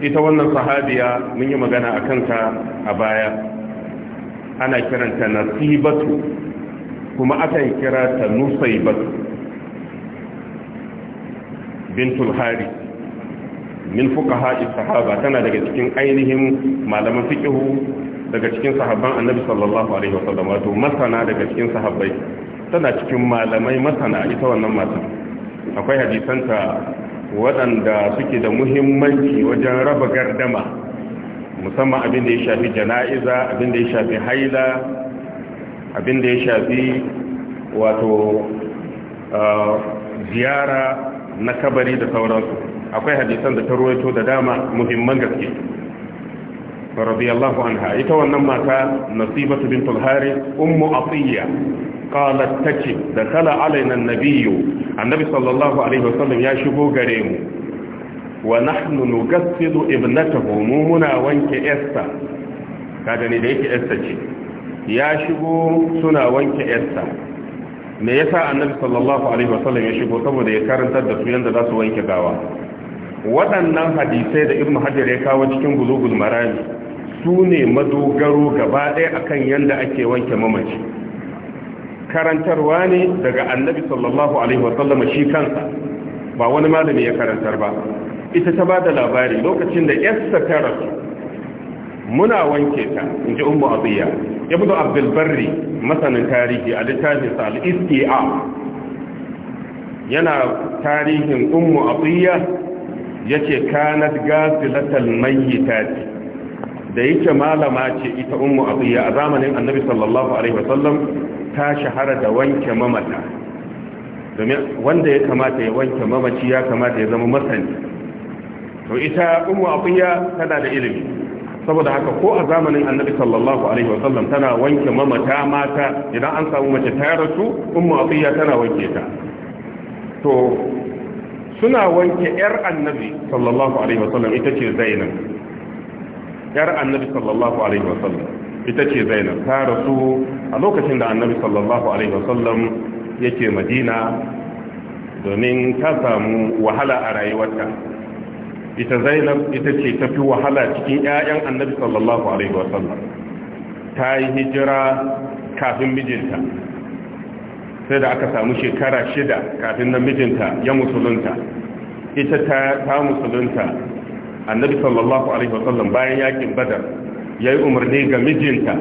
ita wannan sahabiya mun yi magana a kanta a baya ana kiranta nasibatu kuma yi kira ta nusaibatu bintul hari min haɗi sahaba tana daga cikin ainihin malaman fikihu. daga cikin sahabban annabi sallallahu alaihi wasallam wato masana daga cikin sahabbai tana cikin malamai masana ita wannan matan akwai hadisanta waɗanda suke da muhimmanci wajen raba gardama musamman abin da ya shafi jana'iza abin da ya shafi haila abin da ya shafi wato ziyara na kabari da sauransu akwai hadisan da ta ruwaito da dama muhimman gaske radiyallahu anha ita wannan mata nasibatu bint al-hari ummu atiya qalat da kala alaina annabiyyu annabi sallallahu alaihi wasallam ya shigo gare mu wa nahnu nugassidu ibnatahu mu muna wanke esta kada ne da yake ce ya shigo suna wanke me yasa annabi sallallahu alaihi wasallam ya shigo saboda ya karantar da su yanda za su wanke gawa waɗannan hadisai da ibnu hajar ya kawo cikin gulugul marami su ne madogaro gaba ɗaya a kan yadda ake wanke mamaci karantarwa ne daga annabi sallallahu alaihi wasallama shi kansa ba wani malami ya karantar ba ita ta ba da labari lokacin da yarsa ta rasu muna wanke ta in ji umu aziya ya abdul barri masanin tarihi a littafin sa al yana tarihin ummu aziya yace kanat gazilatal mayyitati da yake malama ce ita ummu abiya a zamanin annabi sallallahu alaihi wasallam ta shahara da wanke mamata domin wanda ya kamata ya wanke mamaci ya kamata ya zama masani to ita ummu abiya tana da ilimi saboda haka ko a zamanin annabi sallallahu alaihi wasallam tana wanke mamata mata idan an samu mace ta rasu ummu abiya tana wanke ta to suna wanke yar annabi sallallahu alaihi wasallam ita ce zainab yar annabi sallallahu alaihi wasallam ita ce zainab ta rasu a lokacin da annabi sallallahu alaihi wasallam yake madina domin ta samu wahala a rayuwarta ita zainab ita ce ta fi wahala cikin 'ya'yan annabi sallallahu alaihi wasallam ta yi hijira kafin mijinta sai da aka samu shekara shida kafin na mijinta ya musulunta ita ta musulunta annabi sallallahu alaihi wasallam bayan yakin badar yi umarni ga mijinta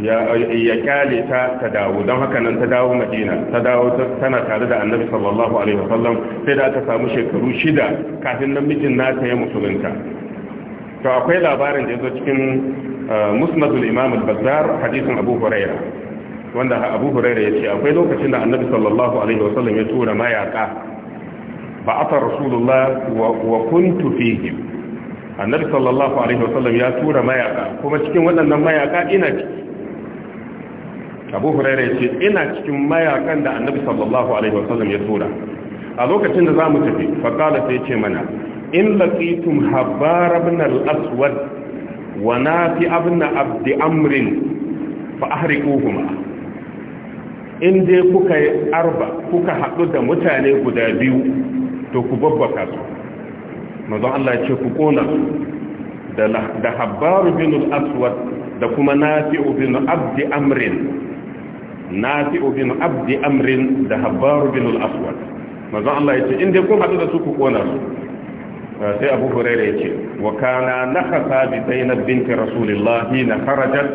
ya kyale ta ta dawo don haka nan ta dawo madina ta dawo tana tare da annabi sallallahu alaihi wasallam sai da aka samu shekaru shida kafin nan mijin nata ya musulunta to akwai labarin da ya zo cikin uh, musnadul imam al-bazzar hadisin abu huraira wanda abu huraira ya ce akwai lokacin da annabi sallallahu alaihi wasallam ya tura mayaka Ba'atar rasulullah wa kuntu fihim annabi sallallahu alaihi wasallam ya tura mayaka kuma cikin waɗannan mayaka ina ciki abu hurairu ce ina cikin mayakan da annabi sallallahu alaihi wasallam ya tura a lokacin da za mu tafi faƙala sai ce mana in laƙitun habbar abin al'aswad wa na fi abin abdi amrin fa ahriku kuma in dai kuka yi arba kuka hadu da mutane guda biyu to ku babbaka su mazan Allah ya ce ku kona da habbaru binul al-aswad da kuma nafi'u bin abdi amrin nafi'u bin abdi amrin da habbaru binul al-aswad mazan Allah ya ce inda kun haɗu da su ku kona su uh, sai abu hurairu ya ce wa kana nahasa bi zainab binti rasulillahi na harajat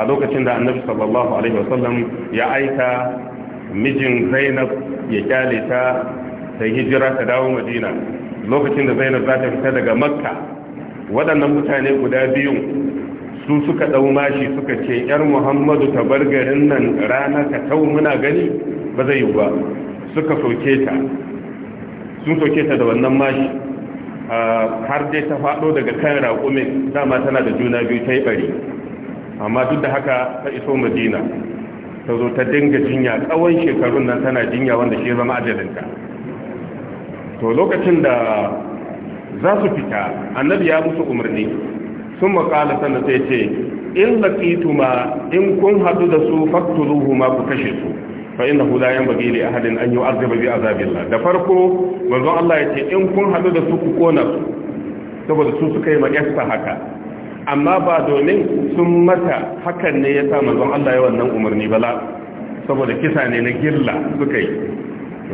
a lokacin da annabi sallallahu alaihi wasallam ya aika mijin zainab ya kyale ta ta hijira ta dawo madina lokacin da zainab za ta fita daga makka waɗannan mutane guda biyu su suka ɗau mashi suka ce ‘yar muhammadu ta bar garin nan rana ka tau muna gani ba zai yi ba suka soke ta sun soke ta da wannan mashi ah, har dai ta faɗo daga kan raƙumin dama tana da juna biyu ta yi ɓari amma duk da haka ta iso madina ta zo ta dinga jinya tsawon shekarun nan tana jinya wanda shi zama ajalinta to lokacin da za su fita annabi ya musu umarni sun makala sannan sai ce in ma in kun hadu da su faktuluhu ma ku kashe su fa yan bagi ne a hadin an yi yu'azzaba bi azabillah da farko wanzu Allah ya ce in kun haɗu da su ku kona su saboda su suka yi makasta haka amma ba domin sun mata hakan ne ya sa manzon Allah ya wannan umarni bala saboda kisa ne na gilla suka yi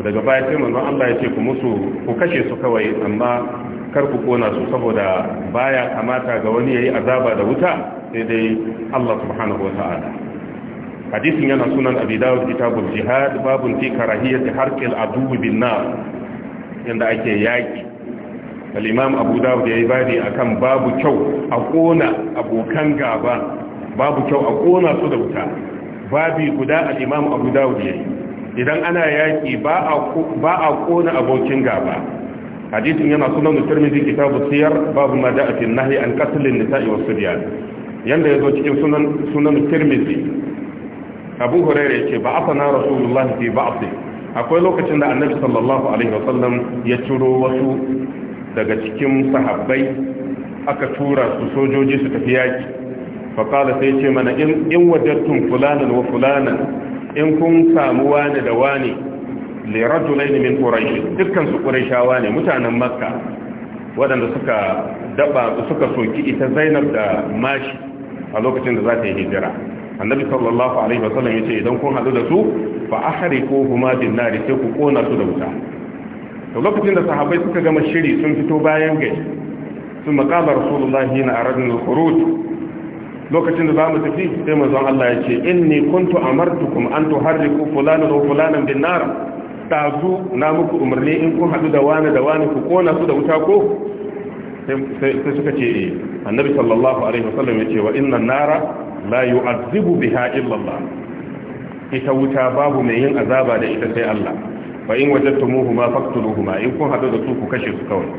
daga baya sai manzon Allah ya ce ku musu ku kashe su kawai amma kar ku kona su saboda baya kamata ga wani yayi azaba da wuta sai dai Allah subhanahu wataala hadisin yana sunan abi dawud kitabul jihad babun fi karahiyati harqil adu bin nar inda ake yaki al-imam abu dawud yayi bani akan babu kyau a kona abokan gaba babu kyau a kona su da wuta babi guda al-imam abu dawud yayi idan ana yaƙi ba a ƙona abokin gaba hadisin yana sunan turmizi kitabu siyar babu ma da afin nahi an katilin nisa'i wa suriya yanda ya zo cikin sunan turmizi abu hurairu ya ce ba a sana rasulullah fi ba'asi akwai lokacin da annabi sallallahu alaihi wasallam ya ciro wasu daga cikin sahabbai aka tura su sojoji su tafi yaki? faƙala sai ce mana in wajattun fulanan wa fulanan in kun samu wani da wani laini min quraish dukkan su quraishawa ne mutanen makka waɗanda suka daba suka soki ita zainab da mashi a lokacin da za ta yi hijira annabi sallallahu alaihi wasallam yace idan kun haɗu da su fa ahriquhuma bin nar sai ku kona su da wuta to lokacin da sahabbai suka gama shiri sun fito bayan gari sun maqama rasulullahi na aradin al-khuruj lokacin da mu tafi sai manzon Allah ya ce in inni kuntu amartukum an tuharriku fulani wa fulanan bin nar tazu na muku umarni in kun haɗu da wani da wani ku kona su da wuta ko sai suka ce eh annabi sallallahu alaihi wasallam ya ce wa inna nara la yu'azzibu biha illallah. ita wuta babu mai yin azaba da ita sai Allah fa in wajadtumuhuma faqtuluhuma in kun haɗu da su ku kashe su kawai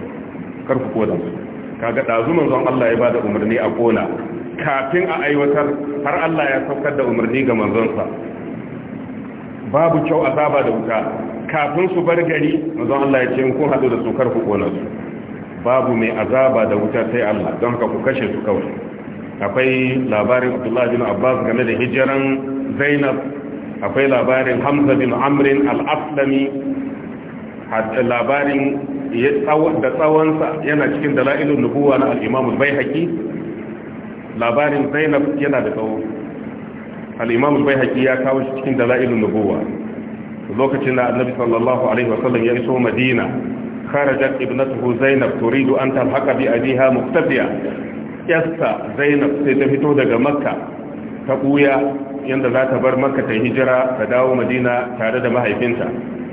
kar ku koda su kaga dazu manzon Allah ya bada umarni a kona kafin a aiwatar har Allah ya saukar da umarni ga manzonsa babu kyau azaba da wuta kafin su bar gari manzon Allah ya ce kun hadu da su ku kona su babu mai azaba da wuta sai Allah don haka ku kashe su kawai akwai labarin Abdullah bin Abbas game da hijiran Zainab akwai labarin Hamza bin Amr al-Aslami labarin da tsawonsa yana cikin dalailun nubuwa na al-Imam al-Baihaqi labarin zainab yana da tsawo al'imamu bai haƙi ya kawo shi cikin dala'ilun nubuwa lokacin da annabi sallallahu alaihi wasallam ya iso madina kharajat ibnatuhu zainab turidu an talhaqa bi abiha muktafiya yasta zainab sai ta fito daga makka ta buya yanda za ta bar makka ta hijira ta dawo madina tare da mahaifinta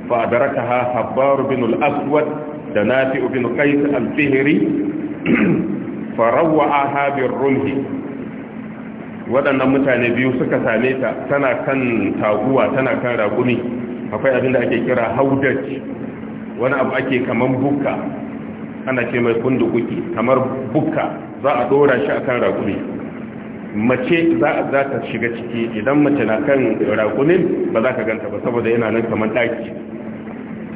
fa adrakaha habbar bin al-aswad da nafi bin qais al-fihri farawa a habin rumhi waɗannan mutane biyu suka same ta tana kan taguwa tana kan raguni akwai abin da ake kira haudaj wani abu ake kamar bukka ana ce mai kundukuki kamar bukka za a ɗora shi akan raguni mace za a ta shiga ciki idan mace na kan ragunin ba za ka ganta ba saboda yana nan kamar ɗaki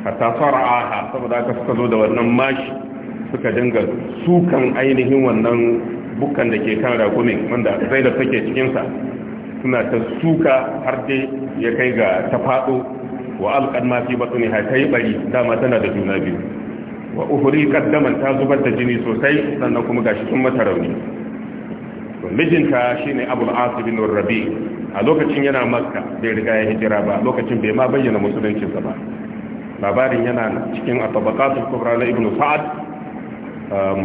hatta aha saboda aka suka zo da wannan mashi suka dinga sukan ainihin wannan bukan da ke kan rakumin wanda zai da take cikinsa suna ta suka har dai ya kai ga ta faɗo wa alƙan ma fi ne ta yi ɓari dama tana da juna biyu wa uhuri kaddaman ta zubar da jini sosai sannan kuma gashi sun mata rauni mijinta shine abul asib bin rabi a lokacin yana Maska bai riga ya hijira ba lokacin bai ma bayyana musuluncinsa ba labarin yana cikin atabaqatul kubra na ibnu sa'ad Um,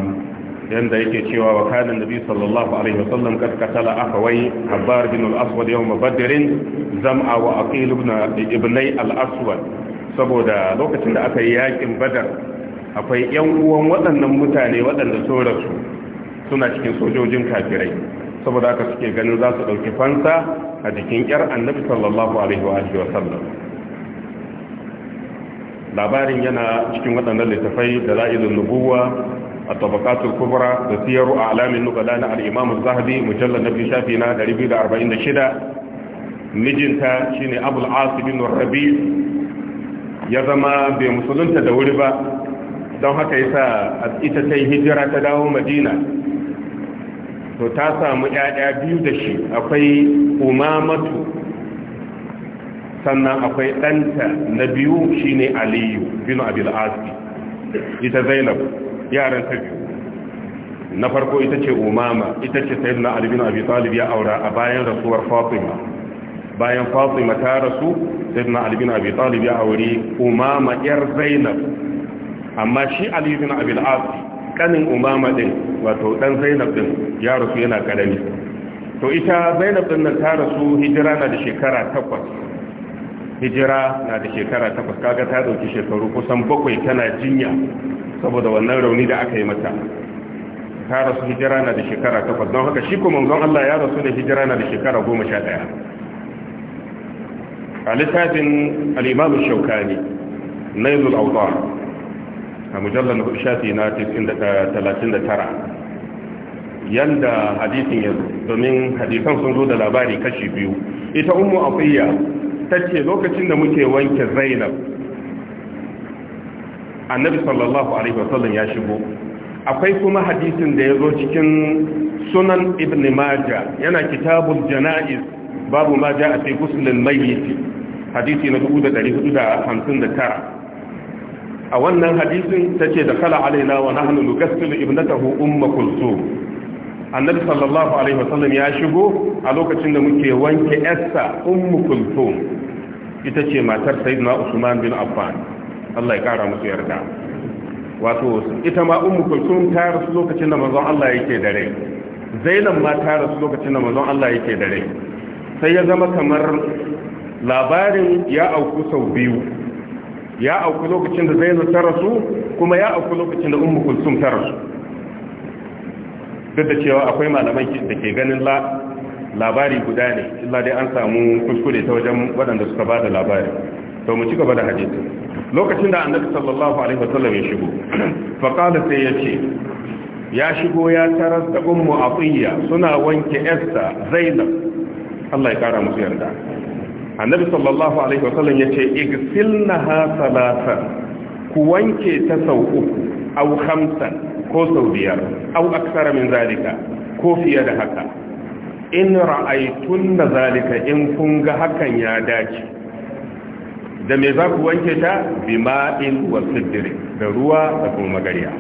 yanda yake cewa wa kana nabi sallallahu alaihi wasallam kad katala akhawai habbar bin al-aswad yawm badr zam'a wa aqil ibn ibnai al-aswad saboda lokacin da aka yi yakin badar akwai yan uwan waɗannan mutane waɗanda so suna cikin sojojin kafirai saboda haka suke ganin za su ɗauki fansa a jikin yar annabi sallallahu alaihi wa sallam labarin yana cikin waɗannan littafai da za'idun nubuwa الطبقات الكبرى تسير أعلام النقلاء الإمام الزهبي مجلد نبي شافينا دريبي دا أربعين دشدا مجنتا شيني أبو العاص بن الربيع يزما بمسلم تدولبا don haka yasa ita ta yi hijira ta dawo madina to ta samu 'ya'ya biyu da shi akwai umamatu sannan akwai ɗanta na biyu shine aliyu bin abil asi ita zainab yaran ta biyu na farko ita ce umama ita ce sayi na albin abi talib ya aura a bayan rasuwar fatima bayan fatima ta rasu sayi na albin abi talib ya auri umama yar zainab amma shi albin abi al'asi kanin umama din wato dan zainab din ya rasu yana karami to ita zainab din nan ta rasu hijira na da shekara takwas hijira na da shekara takwas kaga ta dauki shekaru kusan bakwai tana jinya saboda wannan rauni da aka yi mata ta rasu hijira na da shekara takwas don haka shi kuma manzon Allah ya rasu da hijira na da shekara goma sha ɗaya a littafin al'imamu shaukani nailul autar a mujallar shafi na 39 yanda hadisin ya domin hadisan sun zo da labari kashi biyu ita ummu afiya tace lokacin da muke wanke zainab annabi sallallahu alaihi wasallam ya shigo akwai kuma hadisin da ya zo cikin sunan ibn majah yana kitabul janaiz babu ma a fi gusulin mayyiti hadisi na 459 a wannan hadisin ta ce da kala alaina wa nahnu nugassilu ibnatahu umma kulsum annabi sallallahu alaihi wasallam ya shigo a lokacin da muke wanke essa ummu kulthum ita ce matar sayyidina usman bin affan Allah ya kara musu yarda wato ita ma ummu kulthum ta rasu lokacin da manzon Allah yake da rai zainab ma ta rasu lokacin da manzon Allah yake da rai sai ya zama kamar labarin ya auku sau biyu ya auku lokacin da zainab ta rasu kuma ya auku lokacin da ummu kulthum ta rasu duk da cewa akwai malaman da ke ganin labari guda ne illa dai an samu kuskure ta wajen waɗanda suka ba da labari to mu ci gaba da hadisi lokacin da annabi sallallahu alaihi wasallam ya shigo fa qala sai ya ce ya shigo ya tarar da ummu atiya suna wanke esta zainab Allah ya kara musu yarda annabi sallallahu alaihi wasallam ya ce igsilnaha ku wanke ta sau uku aw khamsan ko sau biyar au aksara min zalika ko fiye da haka in ra'aytun da zalika in kun ga hakan ya dace da me za ku wanke ta ma'in wa siddir da ruwa da kuma magariya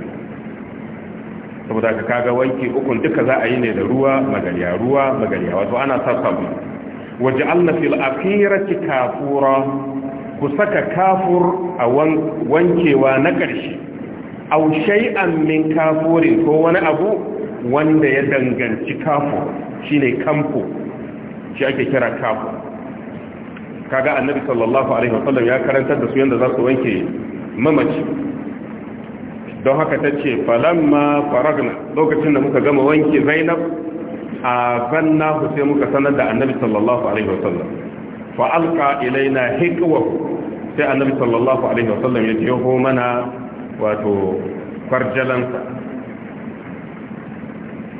saboda ka kaga wanki ukun duka za a yi ne da ruwa magariya ruwa magariya wato ana sa sabu waje allah fil akhirati kafura ku saka kafur a wankewa na ƙarshe aw shay'an min kafurin ko wani abu wanda ya danganci kafu shine kampo shi ake kira kafu kaga annabi sallallahu alaihi wasallam ya karantar da su yanda za su wanke mamaci don haka ta ce falamma faragna lokacin da muka gama wanke zainab a banna ku sai muka sanar da annabi sallallahu alaihi wasallam fa alqa ilaina hikwa sai annabi sallallahu alaihi wasallam ya jeho mana wato kwarjalansa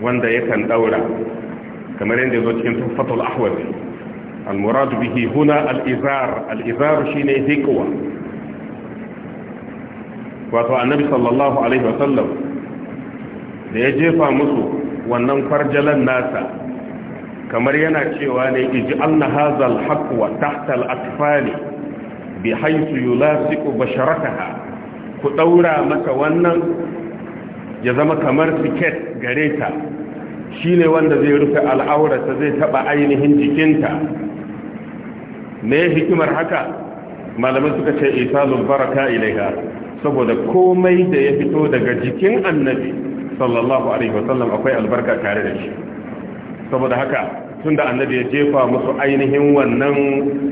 wanda yakan daura kamar yadda zo cikin tuffatul Ahwazi, al-murad bihi huna al-izar al-izar shine hikwa wato annabi sallallahu alaihi wasallam da ya jefa musu wannan farjalan nasa kamar yana cewa ne iji anna hazal haqq wa tahta al-atfali bi haythu yulasiqu basharataha ku ɗaura masa wannan ya zama kamar siket gare ta shi ne wanda zai rufe al'aurata zai taɓa ainihin jikinta me hikimar haka malamai suka ce ka ile ilaiha saboda komai da ya fito daga jikin annabi sallallahu alaihi wasallam akwai albarka tare da shi saboda haka tun da annabi ya jefa musu ainihin wannan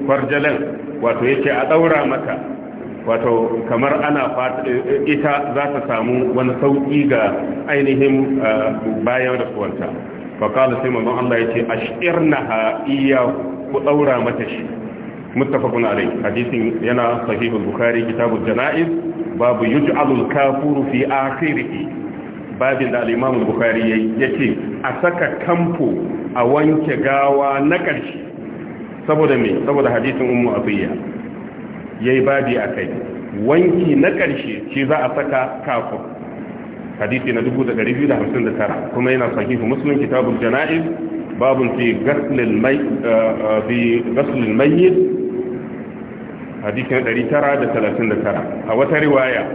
kwarjalan wato yake a ɗaura mata wato kamar ana eh, ita za ta samu wani sauƙi ga ainihin eh, bayan rasuwarta faƙala sai mazan Allah ya ce a shirna ha ku ɗaura mata shi mutafakun alai hadisin yana sahihul bukari kitabun jana'iz babu yuj'alul kafuru fi akhirih babin da al Bukari ya ce a saka kamfo a wanke gawa na ƙarshe saboda me saboda hadisin ummu abiya ya yi babi a kai wanki na ƙarshe shi za a saka kafin hadisi na 259 kuma yana sahihu muslim kitabun jana'iz babun fi gaslil uh, uh, mayyit hadisi na 939 a wata riwaya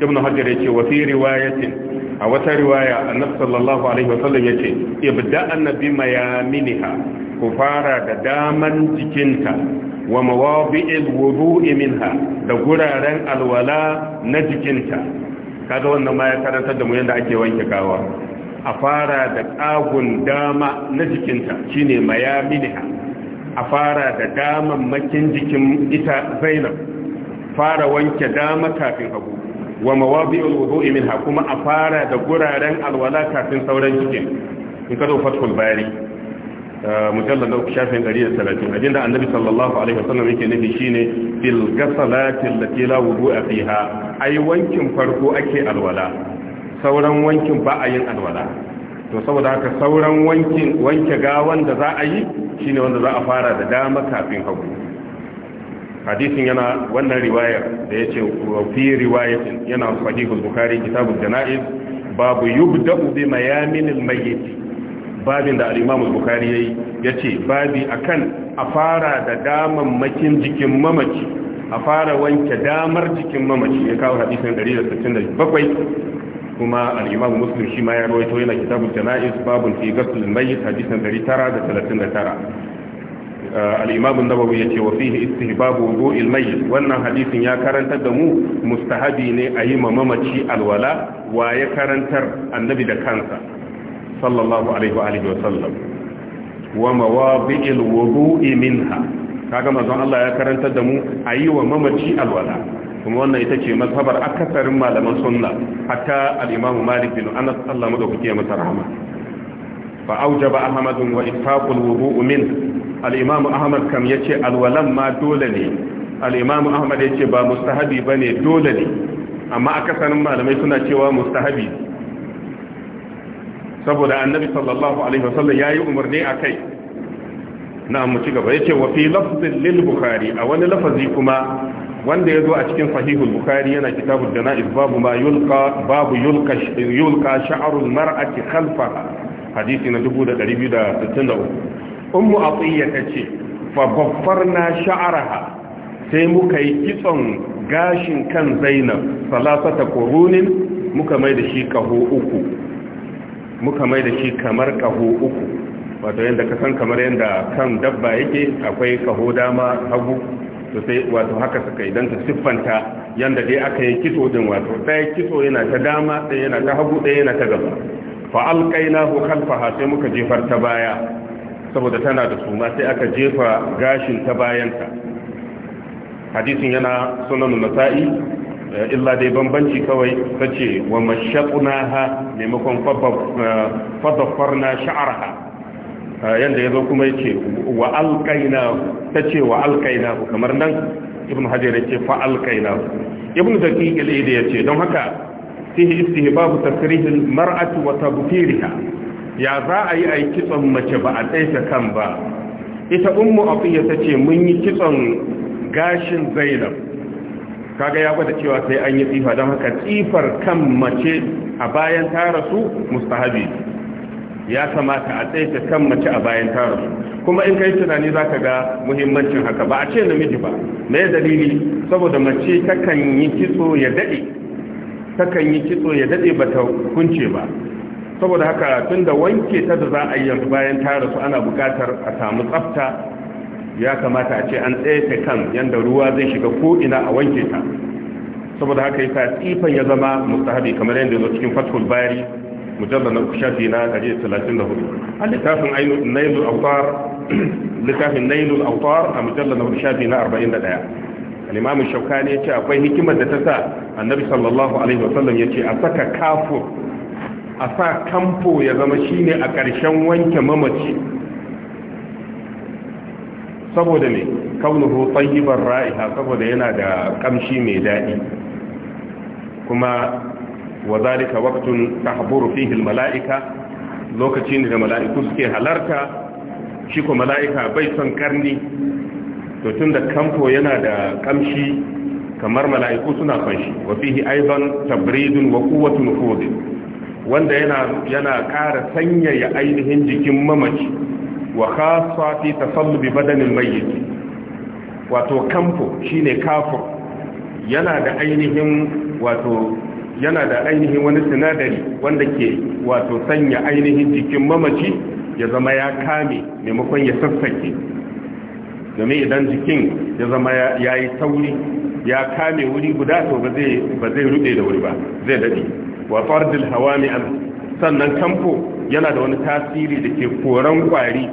ibn hajjar ya ce wa fi riwayatin a wata riwaya annabi sallallahu alaihi wasallam ya ce ibda annabi mayaminha ku fara da daman jikinta wa mawadi'il wudu'i minha da guraren alwala na jikinta kaga wannan ma ya karantar da mu yanda ake wanke gawa a fara da kagun dama na jikinta shine mayaminha a fara da daman makin jikin ita Zainab fara wanke dama kafin abu wa mawadi'ul wudu'i minha kuma a fara da guraren alwala kafin sauran jikin in ka zo fathul bari mujallar na a 130 abinda annabi sallallahu alaihi wasallam yake nufi shine fil ghasalati allati la wudu'a fiha ai wankin farko ake alwala sauran wankin ba a yin alwala to saboda haka sauran wankin wanke gawan da za a yi shine wanda za a fara da dama kafin hagu hadisin yana wannan riwayar da yace fi riwayatin yana sahihul bukhari kitabul janaiz babu yubda'u bi mayaminil mayyit babin da al'imamu bukari ya yi ya ce babi a kan a fara da makin jikin mamaci a fara wanke damar jikin mamaci ya kawo hadisun 167 kuma al'imamu muslim shi ma ya rawaito yana kitabun jana'is babun fi gasul mai hadisun 939 uh, al'imamun nabawi ya ce wa fihi istihbabu wudu ilmai wannan hadisin ya karanta da mu mustahabi ne a yi ma mamaci alwala wa ya karantar annabi da kansa sallallahu alaihi wa alihi wa sallam wa mawadi'il wudu'i minha kaga manzon Allah ya karantar da mu ayi wa mamaci alwala kuma wannan ita ce mazhabar akasarin malaman sunna hatta al-Imam Malik bin Anas Allah madaukake ya masa rahama fa aujaba Ahmad wa ishaqul wudu'u min al-Imam Ahmad kam yace alwalan ma dole ne al-Imam Ahmad yace ba mustahabi bane dole ne amma akasarin malamai suna cewa mustahabi saboda annabi sallallahu alaihi wasallam yayi umarni akai na mu ci gaba yace wa fi lafzin lil bukhari a wani lafazi kuma wanda yazo a cikin sahihul bukhari yana kitabud janaiz babu ma yulqa babu yulqa yulqa sha'rul mar'ati khalfaha hadisi na 2263 ummu atiyya tace fa baffarna sha'raha sai muka yi kitson gashin kan zainab salasata qurunin muka mai da shi kaho uku muka mai da shi kamar kaho uku wato yadda ka san kamar yadda kan dabba yake akwai kaho dama hagu to sai wato haka suka idan ta siffanta yadda dai aka yi kitso din wato ɗaya kitso yana ta dama ɗaya yana ta hagu ɗaya yana ta gaba fa alqainahu ha sai muka jefar ta baya saboda tana da suma sai aka jefa gashin ta bayanta hadisin yana sunan nasa'i illa dai bambanci kawai ta ce wa mashaƙunaha maimakon fadafarna sha'arha yadda ya zo kuma ya ce wa alƙaina ta ce wa alƙaina kamar nan ibn hajjar ya ce fa'alƙaina ibn zaki ilai da ya ce don haka fihi istihbabu tasrihin mar'ati wa tabfiriha ya za a yi a yi kitson mace ba a tsaita kan ba ita ummu ta ce mun yi kitson gashin zainab kaga ya gwada cewa sai an yi tsifa don haka tsifar kan mace a bayan ta rasu mustahabi ya kamata a tsaye kan mace a bayan ta rasu kuma in ka yi tunani za ka ga muhimmancin haka ba a ce namiji ba me dalili saboda mace kan yi kitso ya daɗe kan yi kitso ya daɗe ba ta kunce ba saboda haka tun da wanke ta da za a yi bayan ta rasu ana bukatar a samu tsafta ya kamata a ce an tsefe kan yadda ruwa zai shiga ko ina a wanke ta saboda haka yasa tsifan ya zama mustahabi kamar yadda zo cikin fathul bari mujalla na shafi na gaje 34 a littafin ainihin nailul autar littafin nailul autar a mujalla na shafi na 41 al-imam shaukani ce akwai hikimar da ta sa annabi sallallahu alaihi wasallam ce a saka kafur a sa kamfo ya zama shine a ƙarshen wanke mamaci saboda ne kaunuhu tayyibar ra'iha saboda yana da kamshi mai daɗi kuma wa zalika waqtun tahburu fihi almala'ika lokacin da mala'iku suke halarta shi ko mala'ika bai son karni to tunda kamfo yana da kamshi kamar mala'iku suna son shi wa fihi aidan tabridun wa quwwatun nufudin wanda yana yana ƙara sanyaya ainihin jikin mamaci wa khassa fi tasallubi badanil mayyit wato kanfo shine kafo yana da ainihin wato yana da ainihin wani sinadari wanda ke wato sanya ainihin jikin mamaci ya zama ya kame maimakon ya sassake domin idan jikin ya zama ya yi sauri ya kame wuri guda to ba zai rube da wuri ba zai dade wa fardil hawami an sannan kanfo yana da wani tasiri da ke koran kwari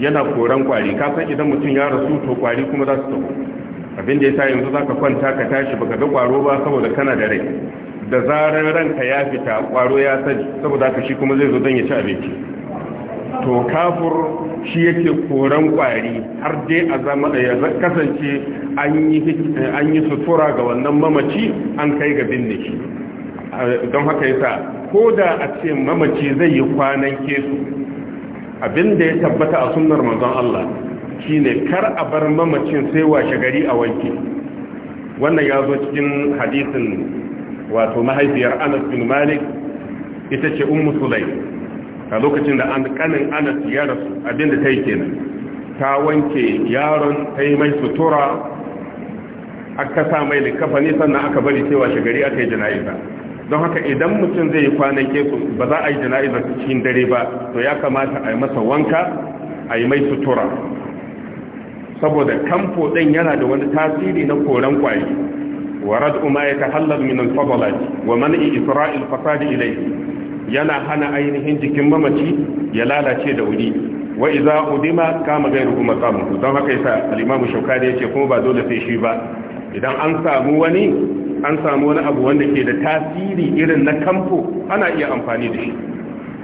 yana koran kwari ka san idan mutum ya rasu to kwari kuma za su taho abin da sa yanzu za ka kwanta ka tashi baka ga kwaro ba saboda kana da rai da zarar ranka ya fita kwaro ya sani saboda haka shi kuma zai zo don ya ci abinci to kafur shi yake koran kwari har dai a zama da ya kasance an yi sutura ga wannan mamaci an kai ga binne shi don haka yasa ko da a ce mamaci zai yi kwanan kesu abin da ya tabbata a sunnar manzon Allah shine kar a bar mamacin sai washe gari a wanke wannan ya zo cikin hadisin wato mahaifiyar Anas bin Malik ita ce ummu Sulaim a lokacin da an kanin Anas ya rasu abin da ta yi kenan ta wanke yaron ta yi mai sutura aka sa mai likafani sannan aka bari sai washe gari aka yi jana'iza don haka idan mutum zai yi kwanake su ba za a yi jana'izar cikin dare ba to ya kamata a yi masa wanka a yi mai sutura saboda kamfo ɗin yana da wani tasiri na koren kwaye warad umar ya ta hallar minan wa mani isra'il fasadi ilai yana hana ainihin jikin mamaci ya lalace da wuri wa iza udima kama gairu kuma samu don haka yasa shauka da ya ce kuma ba dole sai shi ba idan an samu wani an samu wani abu wanda ke da tasiri irin na kamfo ana iya amfani da shi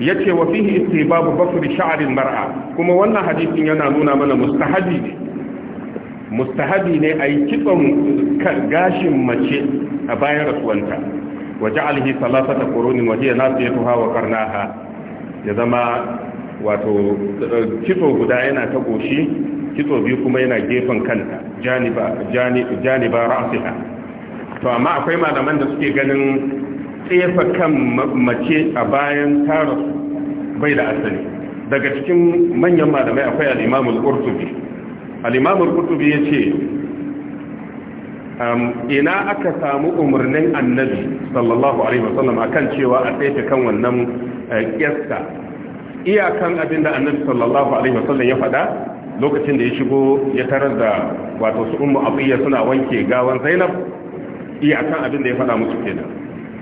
ya ce wa fihi babu bafri sha'arin mar'a kuma wannan hadisin yana nuna mana mustahabi ne mustahabi ne a yi kitson gashin mace a bayan rasuwanta wa ja'alhi salasata qurunin wa hiya tuha wa qarnaha ya zama wato kitso guda yana ta goshi kitso biyu kuma yana gefen kanta janiba janiba ra'siha to amma akwai malaman da suke ganin tsefa kan mace a bayan tara bai da asali daga cikin manyan malamai akwai al'imamul ƙurtubi al'imamul ƙurtubi ya ce ina aka samu umarnin annabi sallallahu alaihi wasallam kan cewa a tsefe kan wannan eh, ƙyasta iyakan abinda annabi sallallahu alaihi wasallam ya faɗa lokacin da ya shigo ya tarar da wato su ummu abiyya suna wanke gawan zainab Iya iyakan abin da ya faɗa musu kenan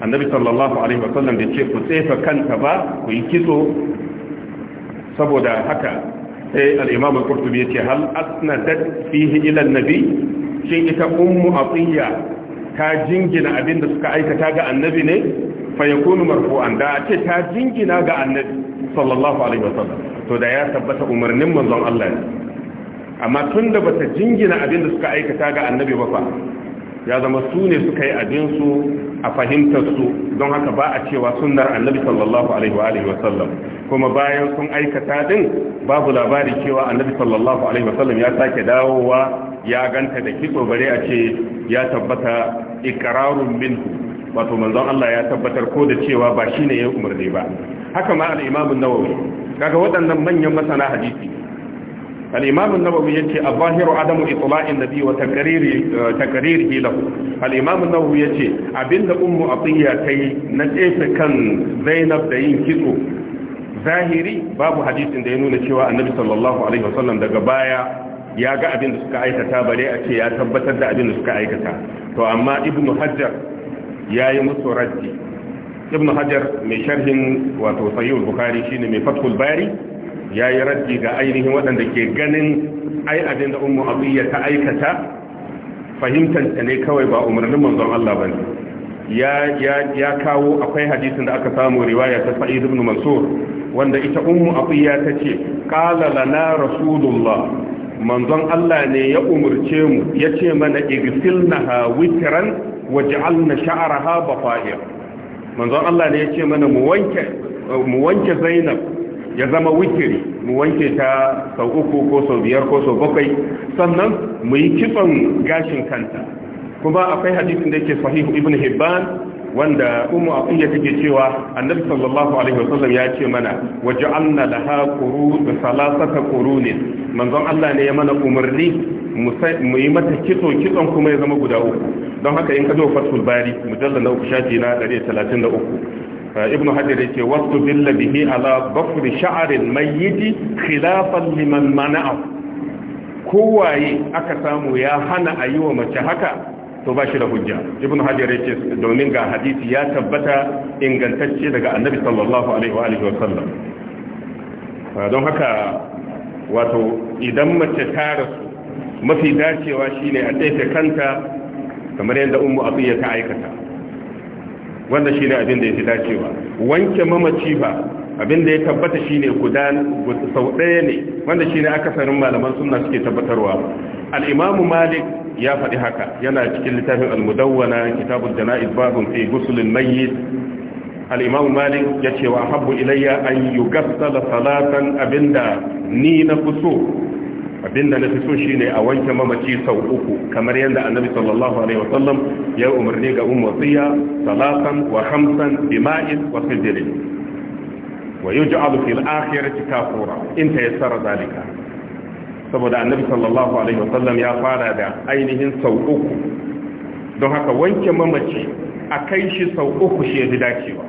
annabi sallallahu alaihi wasallam bai ce ku tsefa kanta ba ku yi kitso saboda haka sai al-imam al-qurtubi yace hal asnadat fihi ila an-nabi shin ita ummu atiya ta jingina abin da suka aikata ga annabi ne fa yakunu marfu'an da ce ta jingina ga annabi sallallahu alaihi wasallam to da ya tabbata umarnin manzon Allah ne amma tunda bata jingina abin da suka aikata ga annabi ba fa ya zama su ne suka yi abinsu a fahimtarsu don haka ba a cewa sunnar annabi sallallahu alaihi wa sallam kuma bayan sun aikata din babu labari cewa annabi sallallahu alaihi wa sallam ya sake dawowa ya ganta da kitso bare a ce ya tabbata ikrarun minhu wato manzon Allah ya tabbatar ko da cewa ba shine ya umarne ba haka ma al-imamu nawawi kaga waɗannan manyan masana hadisi الإمام النووي يتي الظاهر عدم إطلاع النبي وتكريره تكريره له الإمام النووي يتي أبن أم أطية كي نجيف كان زينب دين كتو ظاهري باب حديث دينون شواء النبي صلى الله عليه وسلم دقبايا ya ga abin da suka aikata bare a ce ya tabbatar da abin da suka aikata to amma ibn hajjar ya yi musu raddi ibn hajjar mai sharhin wato sayyid bukhari shine mai fathul bari ya yi raddi ga ainihin waɗanda ke ganin ai abin da abu abiyya ta aikata fahimtanta ne kawai ba umarnin manzon Allah ba ne ya kawo akwai hadisin da aka samu riwaya ta sa'id ibn mansur wanda ita ummu abiya ta ce qala lana rasulullah manzon Allah ne ya umurce mu yace mana igsilnaha witran waj'alna sha'raha bafair manzon Allah ne yace mana mu wanke zainab ya zama wikiri mu wanke ta sau uku ko sau biyar ko sau bakwai sannan mu yi kitson gashin kanta kuma akwai hadisin da yake sahihu ibn hibban wanda umu a aqiya take cewa annabi sallallahu alaihi wasallam ya ce mana waj'alna laha qurud salasata qurunin manzon Allah ne ya mana umarni mu yi mata kitso kitson kuma ya zama guda uku don haka in ka zo fatul bari mujallal na uku shafi na 133 ابن حجر يقول wasu ذل bihi ala ضفر sha'arin mayyiti خلافا liman منعه كواي aka samu ya hana a yi mace haka to ba shi da hujja ibnu hajar yake domin ga hadisi ya tabbata ingantacce daga annabi sallallahu alaihi wa alihi wa sallam don haka wato idan mace ta rasu mafi dacewa shine a tsaye kanta kamar yadda ummu abiyya ta aikata wanda shine abin da fi dacewa wanke mamaci ba abin da ya tabbata shine gudan sau ɗaya ne wanda shine akasarin malaman sunna suke tabbatarwa al malik ya faɗi haka yana cikin littafin almudawwana mudawwana kitabul janaiz babun fi ghusl al-mayyit al-imam malik yace wa habbu ilayya an yugassala salatan da ni na kuso abinda na fi sun shi ne a wanke mamaci sau uku kamar yadda annabi sallallahu alaihi wasallam ya umarni ga ummatiya salatan wa hamsan bima'in wa sidrin wa yuj'alu fil akhirati kafura in ta tayassara zalika saboda annabi sallallahu alaihi wasallam ya fara da ainihin sau uku don haka wanke mamaci a kai shi sau uku shi ya fi dacewa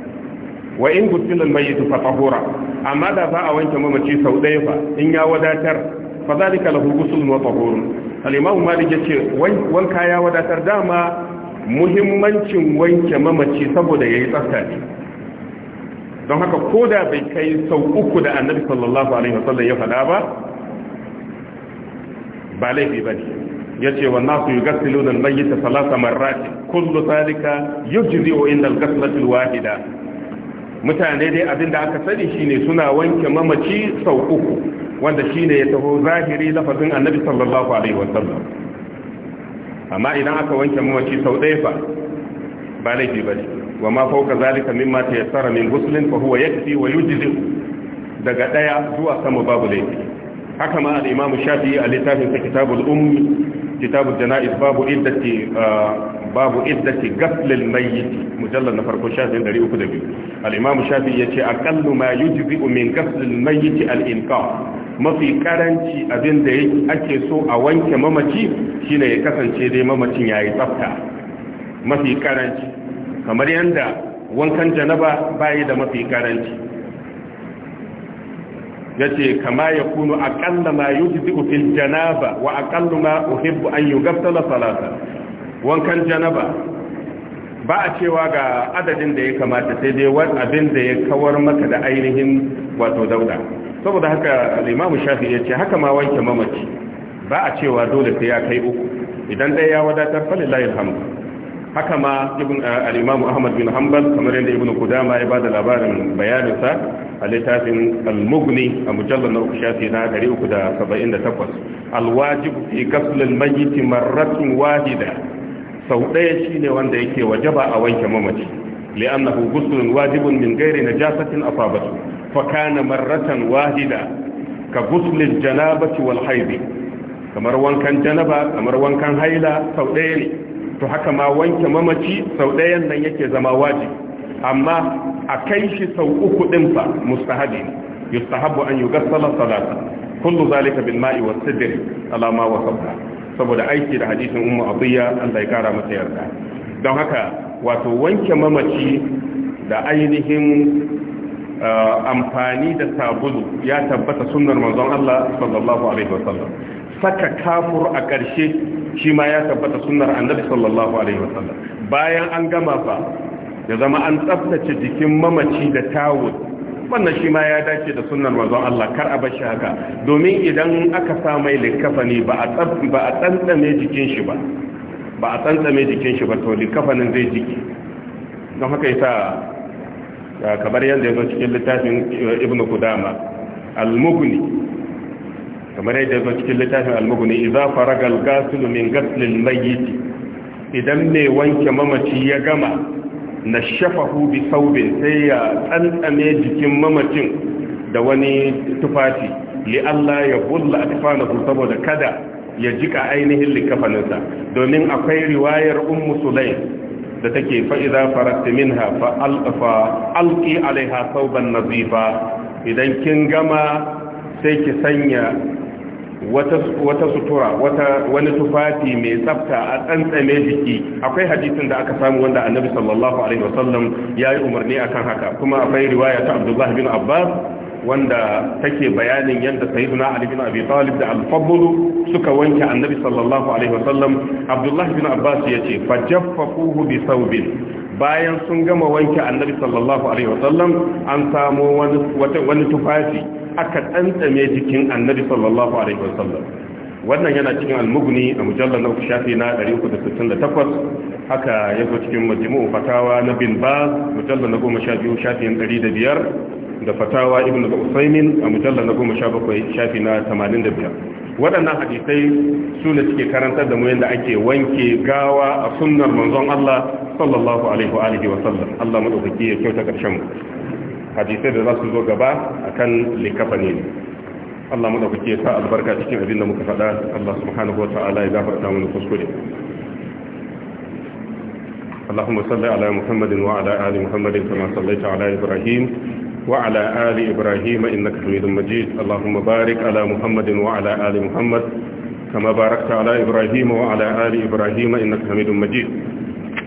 wa in gutsilal mayyitu fa tahura amma da za a wanke mamaci sau ɗaya fa in ya wadatar fa zalika lahu ghuslun wa tahur al-imam malik yace wanka ya wadatar dama muhimmancin wanke mamaci saboda yayi tsafta ne don haka koda bai kai sau uku da annabi sallallahu alaihi wasallam ya fada ba ba laifi ba ne. bane yace wa nasu yughsiluna al-mayyita thalatha marrat kullu zalika yujzi'u inda al-ghaslati al-wahida mutane dai abinda aka sani shine suna wanke mamaci sau uku wanda shine ya taho zahiri lafazin annabi sallallahu alaihi wasallam amma idan aka wanke mamaci sau ɗaya fa ba laifi ba ne wa ma fauka zalika mimma tayassara min ghuslin fa huwa yakfi wa yujzi daga ɗaya zuwa sama babu laifi haka ma al shafi shafi'i a littafin sa kitabul ummi kitabul janaiz babu iddati uh, babu iddati ghasl al mayyit na farko shafin 302 al imam shafi yace aqallu ma yujzi min ghasl al mayyit al inqaf mafi karanci abin da ake so a wanke mamaci shine ya kasance dai mamacin yayi tsafta mafi karanci kamar yadda wankan janaba bayi da mafi karanci yace kama ya kunu aqalla ma yujzi'u fil janaba wa aqallu ma uhibbu an yughtala salata wankan janaba ba a cewa ga adadin da ya kamata sai dai wani abin da ya kawar maka da ainihin wato dauda saboda haka al-imamu shafi ya ce haka ma wanke mamaci ba a cewa dole sai ya kai uku idan ɗaya ya wadatar falilahi alhamdu haka ma eh, alimamu ahmad bin hanbal kamar yadda ibn kudama ya bada labarin bayanin sa a littafin al mugni a mujallar na uku shafi na 378 al-wajib fi ghusl al-mayyit wahida sau shi shine wanda yake wajaba a wanke mamaci li'annahu ghuslun wajibun min na najasatin asabatu fa kana marratan wahida ka ghusl janabati wal hayd kamar wankan janaba kamar wankan haila sau ɗaya ne to haka ma wanke mamaci sau ɗayan nan yake zama wajibi amma a kai shi sau uku ɗin fa mustahabi yustahabu an yugassala salata kullu zalika bil ma'i was sidr ala ma wasabta saboda aiki da hadisin ummu atiya Allah ya kara mata yarda don haka wato wanke mamaci da ainihin uh, amfani da sabulu ya tabbata sunnar manzon Allah sallallahu alaihi wasallam saka kafur a ƙarshe shi ma ya tabbata sunar annabi sallallahu alaihi wasallam bayan an gama fa ya zama an tsaftace jikin mamaci da tawul wannan shi ma ya dace da sunnar manzon Allah kar a bar shi haka domin idan aka sa mai likafani ba a ba a tsantsame jikin shi ba ba a tsantsame jikin shi ba to likafanin zai jiki don haka yasa kamar yadda ya zo cikin littafin Ibn Qudama al-Mughni kamar yadda zo cikin littafin almuguni idan faragal gasilu min ghasli al idan mai wanke mamaci ya gama na nashafahu bi saubin sai ya tsantsame jikin mamacin da wani tufafi li Allah ya bulla atfanahu saboda kada ya jika ainihin likafaninsa domin akwai riwayar ummu sulaim da take fa idza farasta minha fa alqa alqi alaiha sauban nazifa idan kin gama sai ki sanya wata sutura wani tufafi mai tsafta a tsantsame jiki akwai hadisin da aka samu wanda annabi sallallahu alaihi wasallam ya yi umarni akan haka kuma akwai riwaya ta abdullahi bin abbas wanda take bayanin yadda sayyiduna ali bin abi talib da al-fadl suka wanke annabi sallallahu alaihi wasallam abdullahi bin abbas yace fajaffafuhu bi thawbin bayan sun gama wanke annabi sallallahu alaihi wasallam an samo wani tufafi aka tsantsame jikin annabi sallallahu alaihi wasallam wannan yana cikin almugni a mujallar na uku shafi na 368 haka ya zo cikin majmu'u fatawa na bin baz mujallar na goma sha biyu shafi na 105 da fatawa ibn usaymin a mujallar na goma sha bakwai shafi na 85 waɗannan hadisai su ne suke karantar da mu yadda ake wanke gawa a sunnar manzon Allah sallallahu alaihi wa alihi wa sallam Allah madaukaki ya kyauta karshen mu hadisai da za su zo gaba akan likafani ne Allah madaukaki ya sa albarka cikin abin da muka faɗa Allah subhanahu wa ta'ala ya gafarta mana kuskure اللهم صل على محمد وعلى آل محمد كما صليت على إبراهيم وعلى آل إبراهيم إنك حميد مجيد اللهم بارك على محمد وعلى آل محمد كما باركت على إبراهيم وعلى آل إبراهيم إنك حميد مجيد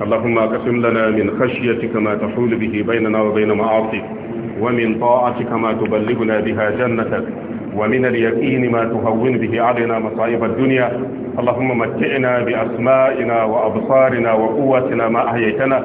اللهم أقسم لنا من خشيتك ما تحول به بيننا وبين معاصيك ومن طاعتك ما تبلغنا بها جنتك ومن اليقين ما تهون به علينا مصائب الدنيا اللهم متعنا بأسمائنا وأبصارنا وقوتنا ما أحييتنا